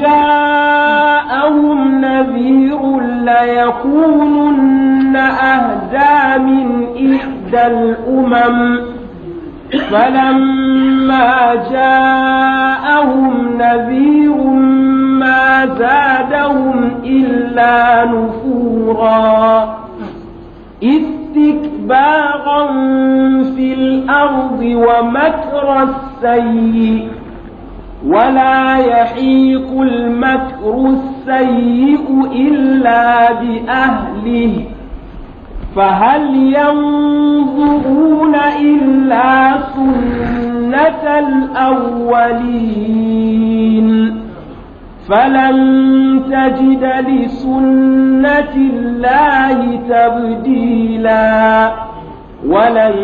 جاءهم نذير ليكونن أهدى من إحدى الأمم فلما جاءهم نذير زادهم إلا نفورا استكباغا في الأرض ومكر السيء ولا يحيق المكر السيء إلا بأهله فهل ينظرون إلا سنة الأولين فلن تجد لسنة الله تبديلا ولن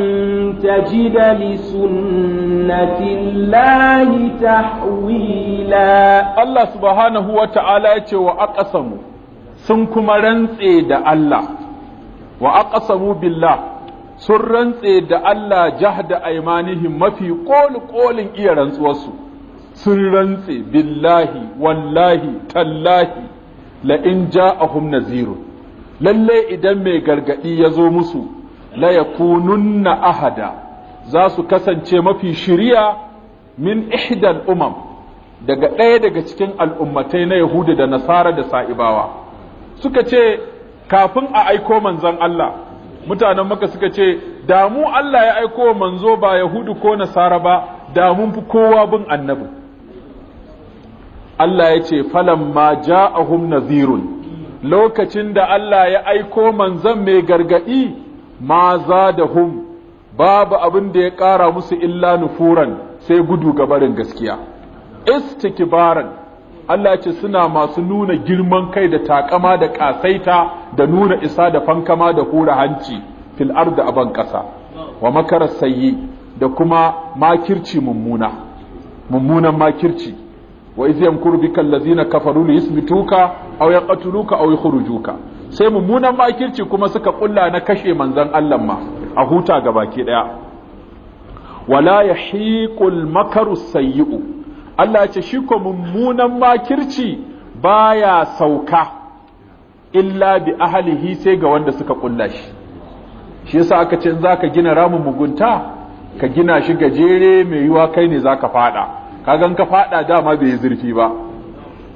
تجد لسنة الله تحويلا الله سبحانه وتعالى وأقسموا سنكم رنسي دا الله وأقسموا بالله sun rantse da Allah jahda aimanihim mafi ƙoli-ƙolin iya rantsuwarsu. sun rantse billahi wallahi tallahi la in ja'ahum nazirun lalle idan mai gargadi ya zo musu la yakununna ahada za su kasance mafi shiriya min ihdal umam daga ɗaya daga cikin al'ummatai na yahuda da nasara da sa'ibawa suka ce kafin a aiko manzon Allah mutanen maka suka ce damu Allah ya aiko manzo ba yahudu ko nasara ba Damun fi kowa bin annabi Allah ya ce a ja'ahum nadhirun lokacin da Allah ya aiko manzon mai gargadi ma hum babu abin da ya ƙara musu illa nufuran sai gudu ga barin gaskiya istikbaran Allah ce suna masu nuna girman kai da takama da kasaita da nuna isa da fankama da hura hanci fil arda aban kasa wa makarar sayyi da kuma makirci mummuna mummunan makirci wa iz yamkuru bika allazina kafaru li yusbituka aw yaqtuluka aw yukhrijuka sai mummunan makirci kuma suka kulla na kashe manzon Allah ma a huta gabaki daya wala yahiqul makaru sayyi'u Allah ce shi ko mummunan makirci baya sauka illa bi ahlihi sai ga wanda suka kulla shi shi yasa aka ce zaka gina ramin mugunta ka gina shi gajere mai yiwa kai ne zaka fada kagan ka fada dama bai zurfi ba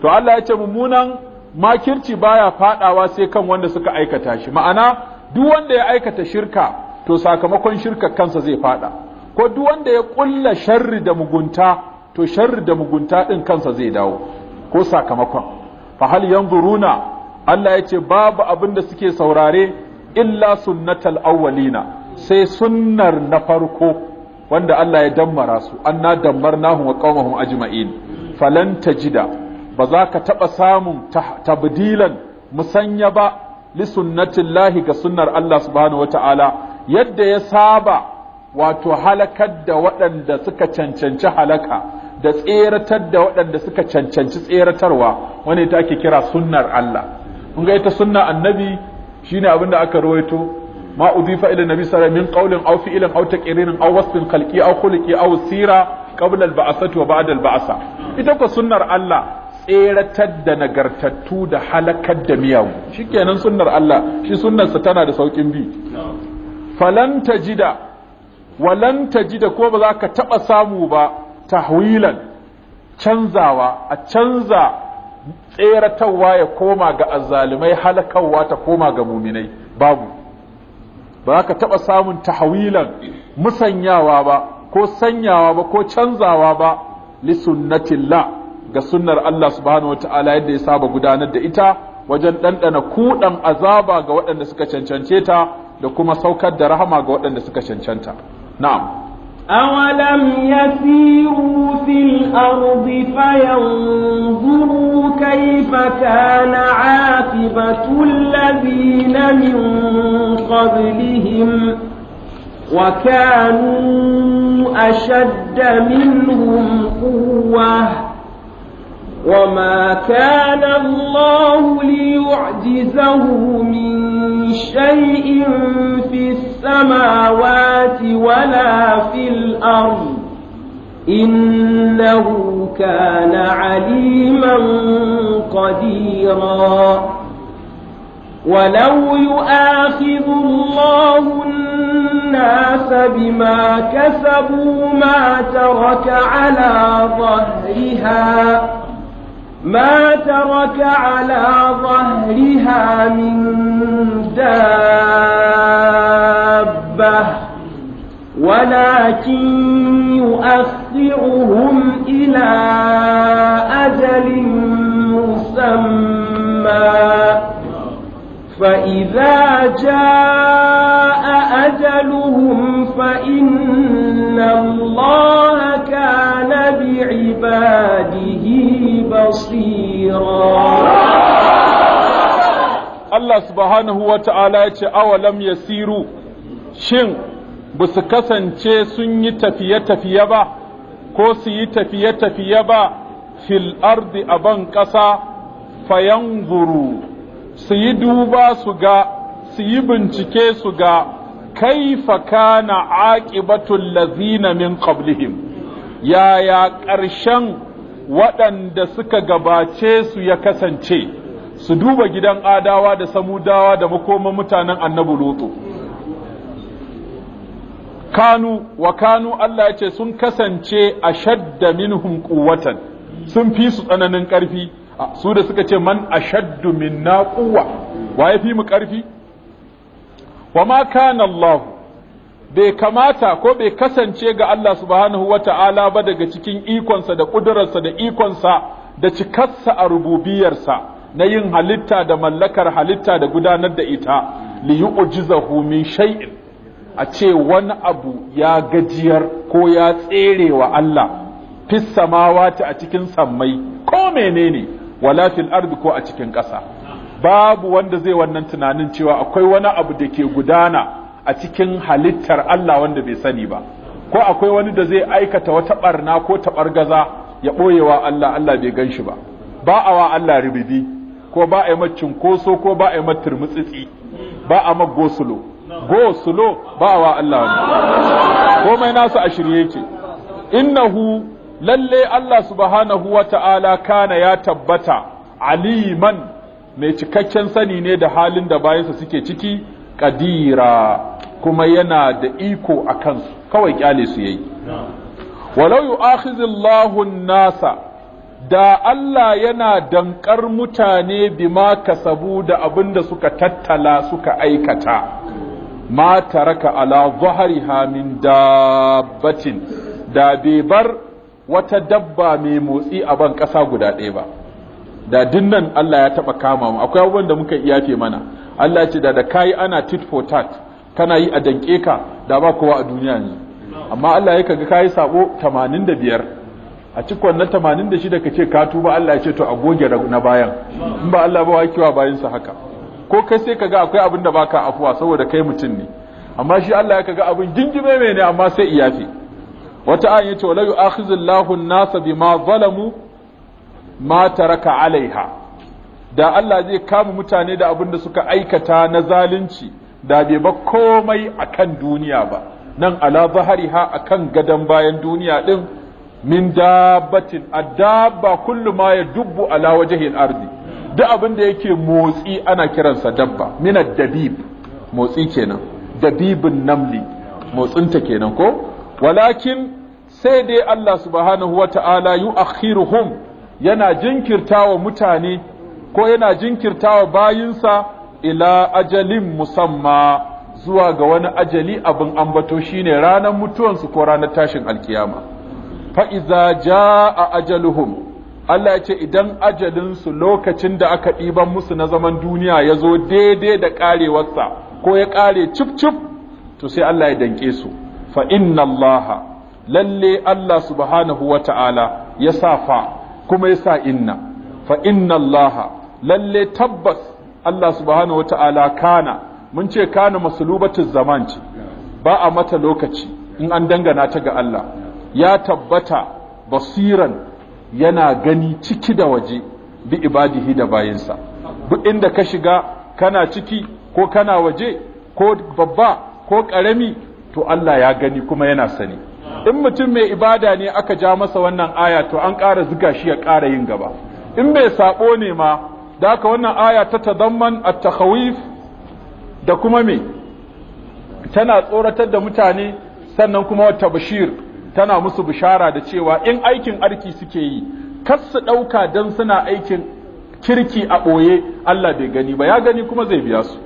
to Allah ya ce mummunan makirci baya fadawa sai kan wanda suka aikata shi ma'ana duk wanda ya aikata shirka to sakamakon shirka kansa zai fada ko duk wanda ya kulla sharri da mugunta to sharri da mugunta din kansa zai dawo ko sakamakon fa hal yanzuruna Allah ya ce babu abin da suke saurare illa sunnatal awwalina sai sunnar na farko wanda Allah ya dammara su anna dammarnahum wa qaumahum ajma'in falan tajida ba za ka taɓa samun tabdilan musanya ba li sunnatillahi ga sunnar Allah subhanahu wa ta'ala yadda ya saba wato halakar da waɗanda suka cancanci halaka da tseratar da waɗanda suka cancanci tseratarwa wani ita ake kira sunnar Allah kun ga ita sunna annabi shine abin da aka rawaito ma udifa ila nabi sallallahu alaihi wasallam min qawlin aw fi'lin aw taqririn aw wasfin khalqi aw khuluqi ita ko Allah tseratar da nagartattu da halakar da miyawu shikenan sunnar Allah shi sunnarsa tana da saukin bi falan tajida walan tajida ko ba za ka taba samu ba tahwilan canzawa a canza tseratarwa ya koma ga azzalumai halakarwa ta koma ga muminai babu ba ka taɓa samun tahawilan musanyawa ba ko sanyawa ba ko canzawa ba li sunnatillah ga sunnar Allah subhanahu wataala yadda ya saba gudanar da ita wajen ɗanɗana kuɗan azaba ga waɗanda suka cancance ta da kuma saukar da rahama ga waɗanda suka cancanta na'am أولم يسيروا في الأرض فينظروا كيف كان عاقبة الذين من قبلهم وكانوا أشد منهم قوةً وما كان الله ليعجزه من شيء في السماوات ولا في الأرض إنه كان عليما قديرا ولو يؤاخذ الله الناس بما كسبوا ما ترك على ظهرها ما ترك على ظهرها من دابة ولكن يؤخرهم إلى أجل مسمى فإذا جاء أجلهم فإن الله كان بعباده basira Allah subhanahu wa ta'ala ya ce awalam yasiru shin ba su kasance sun yi tafiye-tafiye ba ko su yi tafiye-tafiye ba fil ardi a ban ƙasa guru. su yi duba su ga su yi bincike su ga kaifa kana aqibatul lazina min ƙablihim yaya ƙarshen waɗanda suka gabace su ya kasance su duba gidan adawa da samudawa da makoman mutanen annabu lutu kanu wa kanu Allah ya ce sun kasance a shadda minhum kuwatan sun fi su tsananin ƙarfi su da suka ce man ashaddu minna kuwa. wa ya fi mu ƙarfi wa ma kanallahu. bai kamata ko bai kasance ga Allah subhanahu wa ta'ala ba daga cikin ikonsa da ƙudurarsa da ikonsa da cikarsa a rububiyarsa na yin halitta da mallakar halitta da gudanar da ita li ujiza min shay'in a ce wani abu ya gajiyar ko ya tsere wa Allah fissa samawati a cikin sammai ko menene wala fil ardi ko a cikin ƙasa babu wanda zai wannan tunanin cewa akwai wani abu da ke gudana a cikin halittar Allah wanda bai sani ba ko akwai wani da zai aikata wata barna ko gaza ya ɓoyewa Allah Allah bai gan shi ba ba a wa Allah ribibi, ko ba a yi macin koso ko ba a yi matar mutsitsi ba a ma gosulo gosulo ba a wa Allah wani komai nasu a shirye yake innahu lalle Allah subhanahu wa ta'ala kana ya tabbata aliman mai cikakken sani ne da halin da bayansa suke ciki kadira kuma yana da iko a kansu kawai kyale su yayi walau yu'akhizullahu an-nasa da Allah yana dankar mutane saboda kasabu da abinda suka tattala suka aikata ma taraka ala dhahriha min dabbatin da bai bar wata dabba mai motsi a ban ƙasa guda ɗaya ba da dinnan Allah ya taɓa kama mu akwai abubuwan da muka iyafe mana Allah ce da da kayi ana tit for tat kana yi a danke ka da ba kowa a duniya ne. amma Allah ya kaga kai sabo 85 a cikon na 86 kace ka tuba Allah ya ce to a goge na bayan in ba Allah ba wa wakewa bayan sa haka ko kai sai kaga akwai abin da baka afuwa saboda kai mutum ne amma shi Allah ya kaga abin gingime mai ne amma sai iyafi wata ayin yace wala yu'akhizullahu an-nasa bima zalamu ma taraka alaiha da Allah zai kama mutane da abin da suka aikata na zalunci da bai ba komai akan duniya ba nan ala zahari ha akan gadon bayan duniya din min dabbatin addabba kullu ma dubbu ala wajhil arzi. duk abin da yake motsi ana kiransa dabba min dabib motsi kenan dabibin namli motsinta kenan ko walakin sai dai Allah subhanahu wata'ala akhiruhum yana jinkirtawa mutane ko yana jinkirtawa bayinsa ila ajalin musamma zuwa ga wani ajali abin ambato shine ranar mutuwansu ko ranar tashin alkiyama fa'iza ja a ajaluhum Allah ya ce idan ajalinsu lokacin da aka ɗiban musu na zaman duniya ya zo daidai da ƙarewarsa ko ya ƙare cif-cif to sai Allah ya danƙe su fa inna Allah lalle Allah subhanahu wa ta'ala ya sa fa kuma ya sa inna fa inna Allah lalle tabbas Allah subhanahu wata'ala kana mun ce kana masalubatun zaman ce ba a mata lokaci in an dangana ta ga Allah ya tabbata basiran yana gani ciki da waje bi ibadihi da bayinsa duk inda ka shiga kana ciki ko kana waje ko babba ko karami to Allah ya gani kuma yana sani in mutum mai ibada ne aka ja masa wannan aya to an ƙara zuga shi ya ƙara yin gaba in mai sabo ne ma da haka wannan aya ta tadamman at-takhawif da kuma me tana tsoratar da mutane sannan kuma wata bashir tana musu bishara da cewa in aikin arki suke yi kar su ɗauka don suna aikin kirki a ɓoye Allah bai gani ba ya gani kuma zai biya su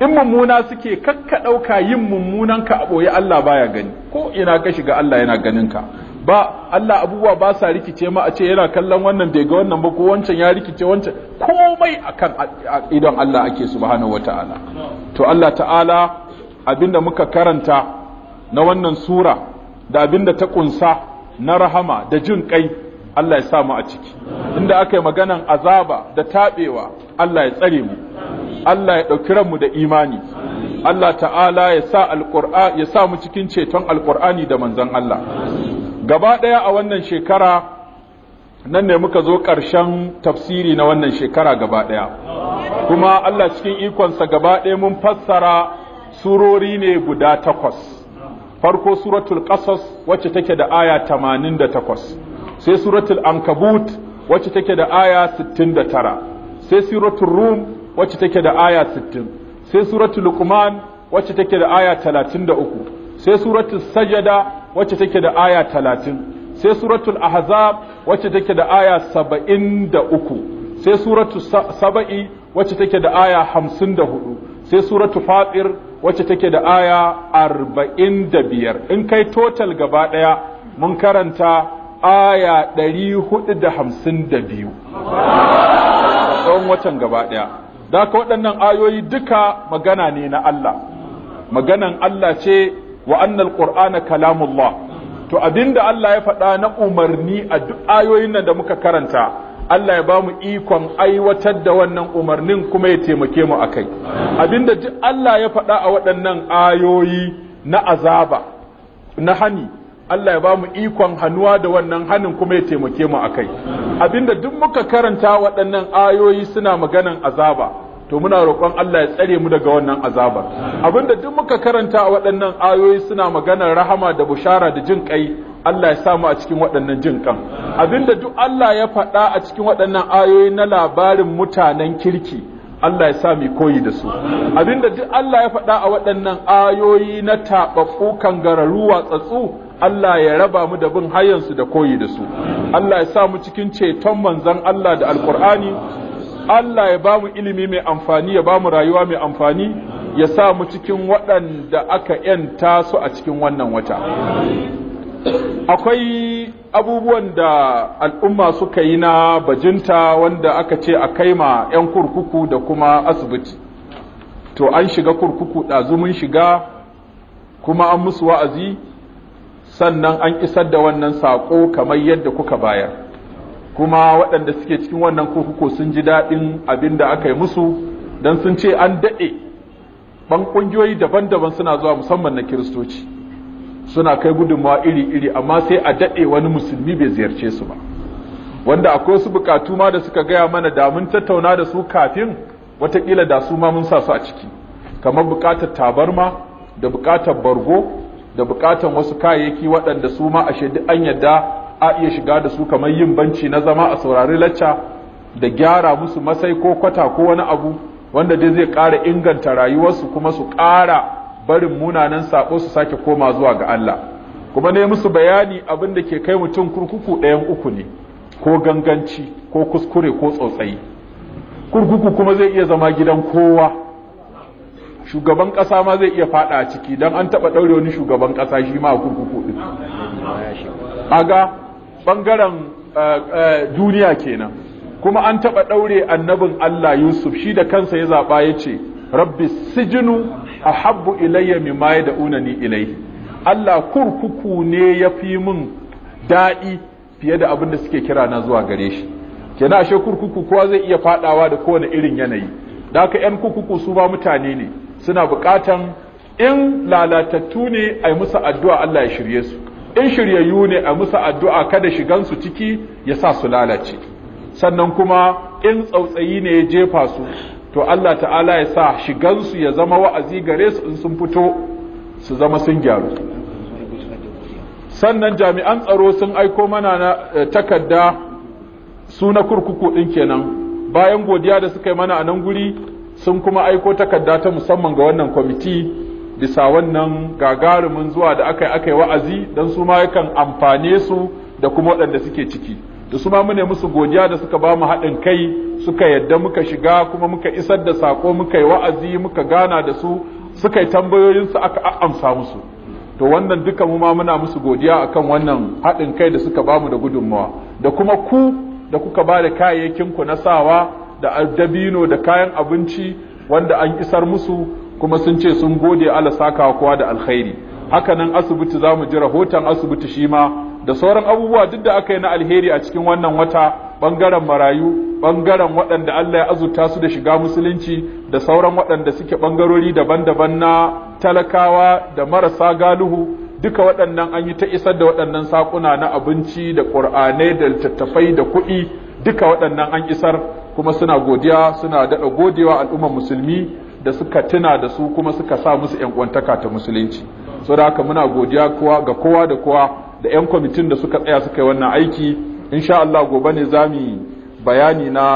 in mummuna suke kakka ɗauka yin mummunan ka a ɓoye Allah baya gani ko ina ka shiga Allah yana ganin ka ba Allah abubuwa ba sa rikice ma a ce yana kallon wannan bai ga wannan ba ko wancan ya rikice wancan komai akan idon Allah ake subhanahu wata'ala to Allah ta'ala abinda muka karanta na wannan sura da abinda ta kunsa na rahama da jin kai Allah ya sa mu a ciki inda aka yi maganan azaba da tabewa Allah ya tsare mu Allah ya ɗauki ranmu da imani Allah ta'ala ya sa ya sa mu cikin ceton alƙur'ani da manzon Allah gaba ɗaya a wannan shekara nan ne muka zo ƙarshen tafsiri na wannan shekara gaba ɗaya kuma Allah cikin ikonsa gaba ɗaya mun fassara surori ne guda takwas farko suratul ƙasas wacce take da aya tamanin da takwas sai suratul ankabut wacce take da aya sittin da tara sai suratul rum wacce take da aya sittin sai suratul luqman wacce take da aya talatin da uku sai suratul sajada wacce take da aya talatin sai suratul ahzab wacce take da aya saba'in da uku sai suratul saba'i wacce take da aya hamsin da hudu sai suratul fatir wacce take da aya arba'in da biyar in kai total gaba ɗaya mun karanta aya ɗari hudu da hamsin da biyu tsawon watan gaba ɗaya da waɗannan ayoyi duka magana ne na Allah maganan Allah ce wa annal qur'ana kalamullah to abinda Allah ya faɗa na umarni a duk ayoyin nan da muka karanta Allah ya ba ikon aiwatar da wannan umarnin kuma ya taimake mu akai abinda duk Allah ya faɗa a waɗannan ayoyi na azaba na hani Allah ya bamu ikon hannuwa da wannan hanin kuma ya taimake mu akai abinda duk muka karanta waɗannan ayoyi suna maganan azaba to muna roƙon Allah ya tsare mu daga wannan azabar abinda duk muka karanta a waɗannan ayoyi suna magana rahama da bushara da jin kai Allah ya samu a cikin waɗannan jin kan abinda duk Allah ya faɗa a cikin waɗannan ayoyi na labarin mutanen kirki Allah ya sa mu koyi da su abinda duk Allah ya faɗa a waɗannan ayoyi na taɓaɓɓu kangararru watsatsu Allah ya raba mu da bin hayansu da koyi da su Allah ya sa mu cikin ceton manzon Allah da Alkur'ani Allah ya ba mu ilimi mai amfani ya ba mu rayuwa mai amfani ya sa mu cikin waɗanda aka ‘yanta su a cikin wannan wata akwai abubuwan da al'umma suka yi na bajinta wanda aka ce a kai ma ‘yan kurkuku da kuma asibiti to an shiga kurkuku ɗazumin shiga kuma an musu wa'azi sannan an isar da wannan saƙo kamar yadda kuka bayar kuma waɗanda suke cikin wannan kurkuku sun ji daɗin abin da aka yi musu don sun ce an daɗe ban ƙungiyoyi daban-daban suna zuwa musamman na kiristoci suna kai gudunmawa iri-iri amma sai a daɗe wani musulmi bai ziyarce su ba wanda akwai wasu buƙatu ma da suka gaya mana da mun tattauna da su kafin watakila da su ma mun sa su a ciki kamar buƙatar tabarma da buƙatar bargo da buƙatar wasu kayayyaki waɗanda su ma ashe duk an yadda a iya shiga da su kamar yin banci na zama a saurari lacca da gyara musu masai ko kwata ko wani abu wanda dai zai ƙara inganta rayuwarsu kuma su ƙara barin munanan saƙo su sake koma zuwa ga Allah kuma ne musu bayani abin da ke kai mutum kurkuku ɗayan uku ne ko ganganci ko kuskure ko tsautsayi kurkuku kuma zai iya zama gidan kowa shugaban ƙasa ma zai iya faɗa a ciki don an taɓa ɗaure wani shugaban ƙasa shi ma a kurkuku ɗin aga bangaren eh, eh, duniya kenan kuma an taba daure annabin Allah Yusuf shi da kansa ya zaba ce, rabbi sijinu ahabbu ilayya mimma yad'unani ilayhi Allah kurkuku ne yafi min dadi fiye da abin da suke kira na zuwa gare shi kenan ashe kurkuku kowa zai iya fadawa da kowane irin yanayi da haka yan kurkuku su ba mutane ne suna bukatan in lalatattu ne ai musu addu'a Allah ya shirye su in shiryayyu ne a musu addu'a kada shigansu ciki ya sa su lalace sannan kuma in tsautsayi ne ya jefa su to Allah ta'ala ya sa shigansu ya zama wa'azi gare su in sun fito su zama sun gyaru sannan jami'an tsaro sun aiko mana na eh, takarda su na kurkuku ɗin kenan bayan godiya da suka yi mana a nan guri sun kuma aiko takarda ta musamman ga wannan kwamiti bisa wannan gagarumin zuwa da aka yi aka yi wa'azi don su ma yakan amfane su da kuma waɗanda suke ciki da su ma mune musu godiya da suka ba mu haɗin kai suka yadda muka shiga kuma muka isar da sako muka yi wa'azi muka gana da su suka yi su aka amsa musu to wannan duka mu ma muna musu godiya akan wannan haɗin kai da suka bamu da gudunmawa da kuma ku da kuka ba da kayayyakin ku na sawa da dabino da kayan abinci wanda an isar musu kuma sun ce sun gode Allah saka kowa da alkhairi haka nan asibiti za mu ji rahoton asibiti shi ma da sauran abubuwa duk da aka yi na alheri a cikin wannan wata ɓangaren marayu ɓangaren waɗanda Allah ya azurta su da shiga musulunci da sauran waɗanda suke ɓangarori daban-daban na talakawa da marasa galuhu duka waɗannan an yi ta isar da waɗannan saƙuna na abinci da ƙur'anai da littattafai da kuɗi duka waɗannan an isar kuma suna godiya suna daɗa godewa al'ummar musulmi da suka tuna da su kuma suka sa musu yan uwantaka ta musulunci so da haka muna godiya kowa ga kowa da kowa da yan kwamitin da suka tsaya suka yi wannan aiki insha Allah gobe ne zamu bayani na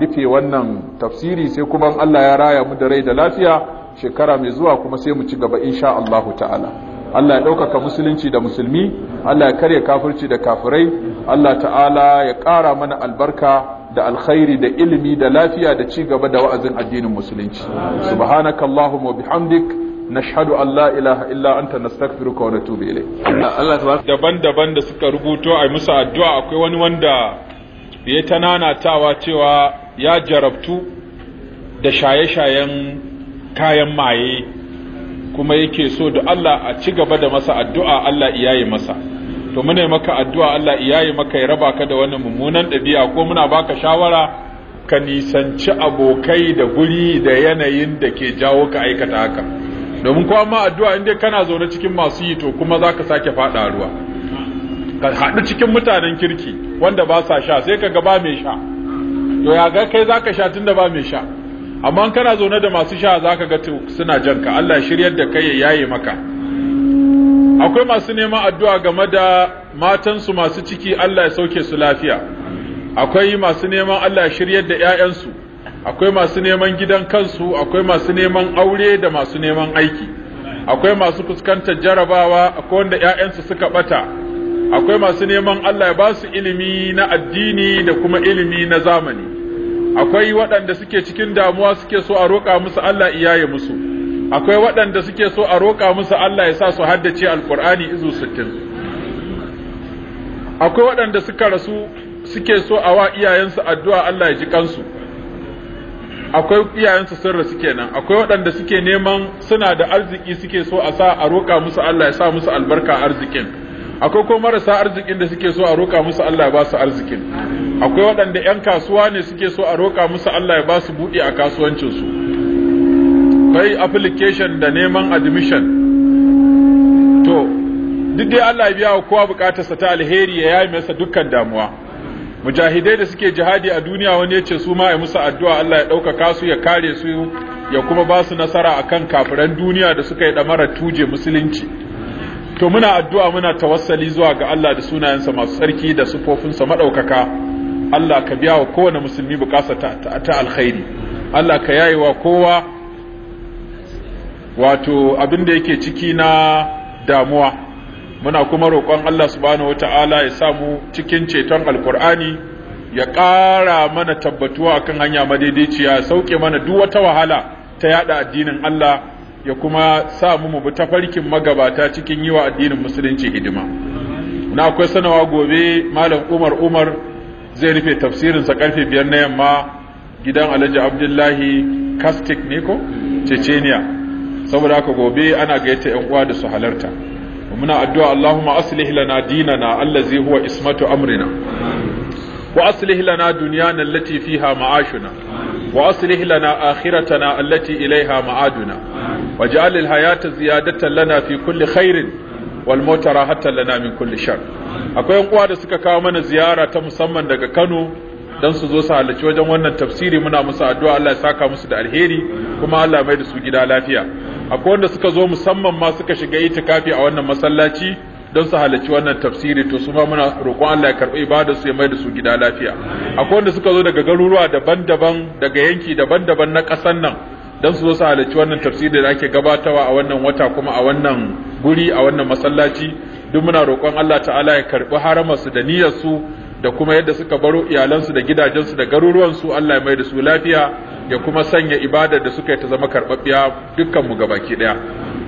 rufe wannan tafsiri sai kuma Allah ya raya mu da rai da lafiya shekara mai zuwa kuma sai mu ci gaba insha Allah ta'ala Allah ya ɗaukaka musulunci da musulmi Allah ya karya kafirci da kafirai Allah ta'ala ya ƙara mana albarka da alkhairi da ilimi da lafiya da ci gaba da wa'azin addinin musulunci subhanakallahumma wa bihamdik nashhadu an la ilaha illa anta nastaghfiruka wa natubu Allah daban-daban da suka rubuto ai musu addu'a akwai wani wanda ya tananatawa cewa ya jarabtu da shaye-shayen kayan maye kuma yake so da Allah a ci gaba da masa addu'a Allah iyaye masa to mune maka addu'a Allah iyaye maka ya raba ka da wannan mummunan ɗabi'a ko muna baka shawara ka nisanci abokai da guri da yanayin da ke jawo ka aikata haka domin kuma ma addu'a inda kana zaune cikin masu yi to kuma za ka sake faɗa ruwa ka haɗu cikin mutanen kirki wanda ba sa sha sai ka ga mai sha to ya ga kai za ka sha tun da ba mai sha amma kana zaune da masu sha za ka ga suna janka Allah shiryar da kai ya yaye maka akwai masu neman addu'a game da matansu masu ciki Allah ya sauke su lafiya akwai masu neman Allah ya shiryar da 'ya'yansu akwai masu neman gidan kansu akwai masu neman aure da masu neman aiki akwai masu fuskantar jarabawa akwai wanda 'ya'yansu suka bata akwai masu neman Allah ya ba su ilimi na addini da kuma ilimi na zamani akwai waɗanda suke cikin damuwa suke so a roƙa musu Allah iyaye musu akwai waɗanda suke so a roƙa musu Allah ya sa su haddace Alƙur'ani izu sittin akwai waɗanda suka rasu suke so a wa iyayensu addu'a Allah ya ji kansu akwai iyayensu sun rasu kenan akwai waɗanda suke neman suna da arziki suke so a sa a roƙa musu Allah ya sa musu albarka arzikin akwai ko marasa arzikin da suke so a roƙa musu Allah ya ba su arzikin akwai waɗanda 'yan kasuwa ne suke so a roƙa musu Allah ya ba su buɗe a kasuwancinsu kai application da neman admission to duk dai Allah ya biya wa kowa bukatarsa ta alheri ya yi masa dukkan damuwa mujahidai da suke jihadi a duniya wani ya ce su ma ya musu addu'a Allah ya ɗaukaka su ya kare su ya kuma ba su nasara akan kafiran duniya da suka yi ɗamarar tuje musulunci to muna addu'a muna tawassali zuwa ga Allah da sunayensa masu tsarki da sufofinsa maɗaukaka Allah ka biya wa kowane musulmi bukatarsa ta alkhairi Allah ka yayi wa kowa wato abin da yake ciki na damuwa muna kuma roƙon Allah subhanahu wata'ala ya samu cikin ceton alkur'ani ya ƙara mana tabbatuwa akan hanya madaidaiciya ya sauke mana duk wata wahala ta yada addinin Allah ya kuma sa mu mu tafarkin magabata cikin yiwa addinin musulunci hidima na akwai sanawa gobe malam Umar Umar zai rufe tafsirinsa karfe biyar na yamma gidan Alhaji Abdullahi Kastik ne ko Chechenia saboda haka gobe ana gaita yan uwa da su halarta muna addu'a Allahumma aslih lana dinana allazi huwa ismatu amrina wa aslih lana dunyana allati fiha ma'ashuna wa aslih lana akhiratana allati ilaiha ma'aduna waj'al al-hayata ziyadatan lana fi kulli khairin wal mauta rahatan lana min kulli shar akwai yan uwa da suka kawo mana ziyara ta musamman daga Kano don su zo su halarci wajen wannan tafsiri muna musu addu'a Allah ya saka musu da alheri kuma Allah mai da su gida lafiya akwai wanda suka zo musamman ma suka shiga itikafi a wannan masallaci don su halarci wannan tafsiri to su ma muna roƙon Allah ya karɓi ibadar su ya mai da su gida lafiya akwai wanda suka zo daga garuruwa daban-daban daga yanki daban-daban na ƙasar nan don su zo su halarci wannan tafsiri da ake gabatawa a wannan wata kuma a wannan guri a wannan masallaci duk muna roƙon Allah ta'ala ya karɓi haramarsu da niyyarsu da kuma yadda suka baro iyalansu da gidajensu da garuruwansu Allah ya mai da su lafiya ya kuma sanya ibadar da suka yi ta zama karɓaɓɓiya dukkanmu gabaki ɗaya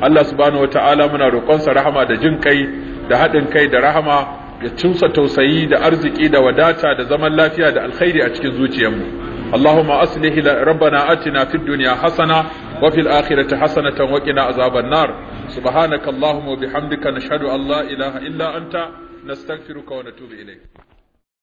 Allah subhanahu wataala muna roƙonsa rahama da jin kai da haɗin kai da rahama ya cinsa tausayi da arziki da wadata da zaman lafiya da alkhairi a cikin zuciyarmu Allahumma aslih rabbana atina fid dunya hasana wa fil akhirati hasanatan wa qina azaban nar subhanakallahumma wa bihamdika nashhadu an la ilaha illa anta نستغفرك ونتوب إليك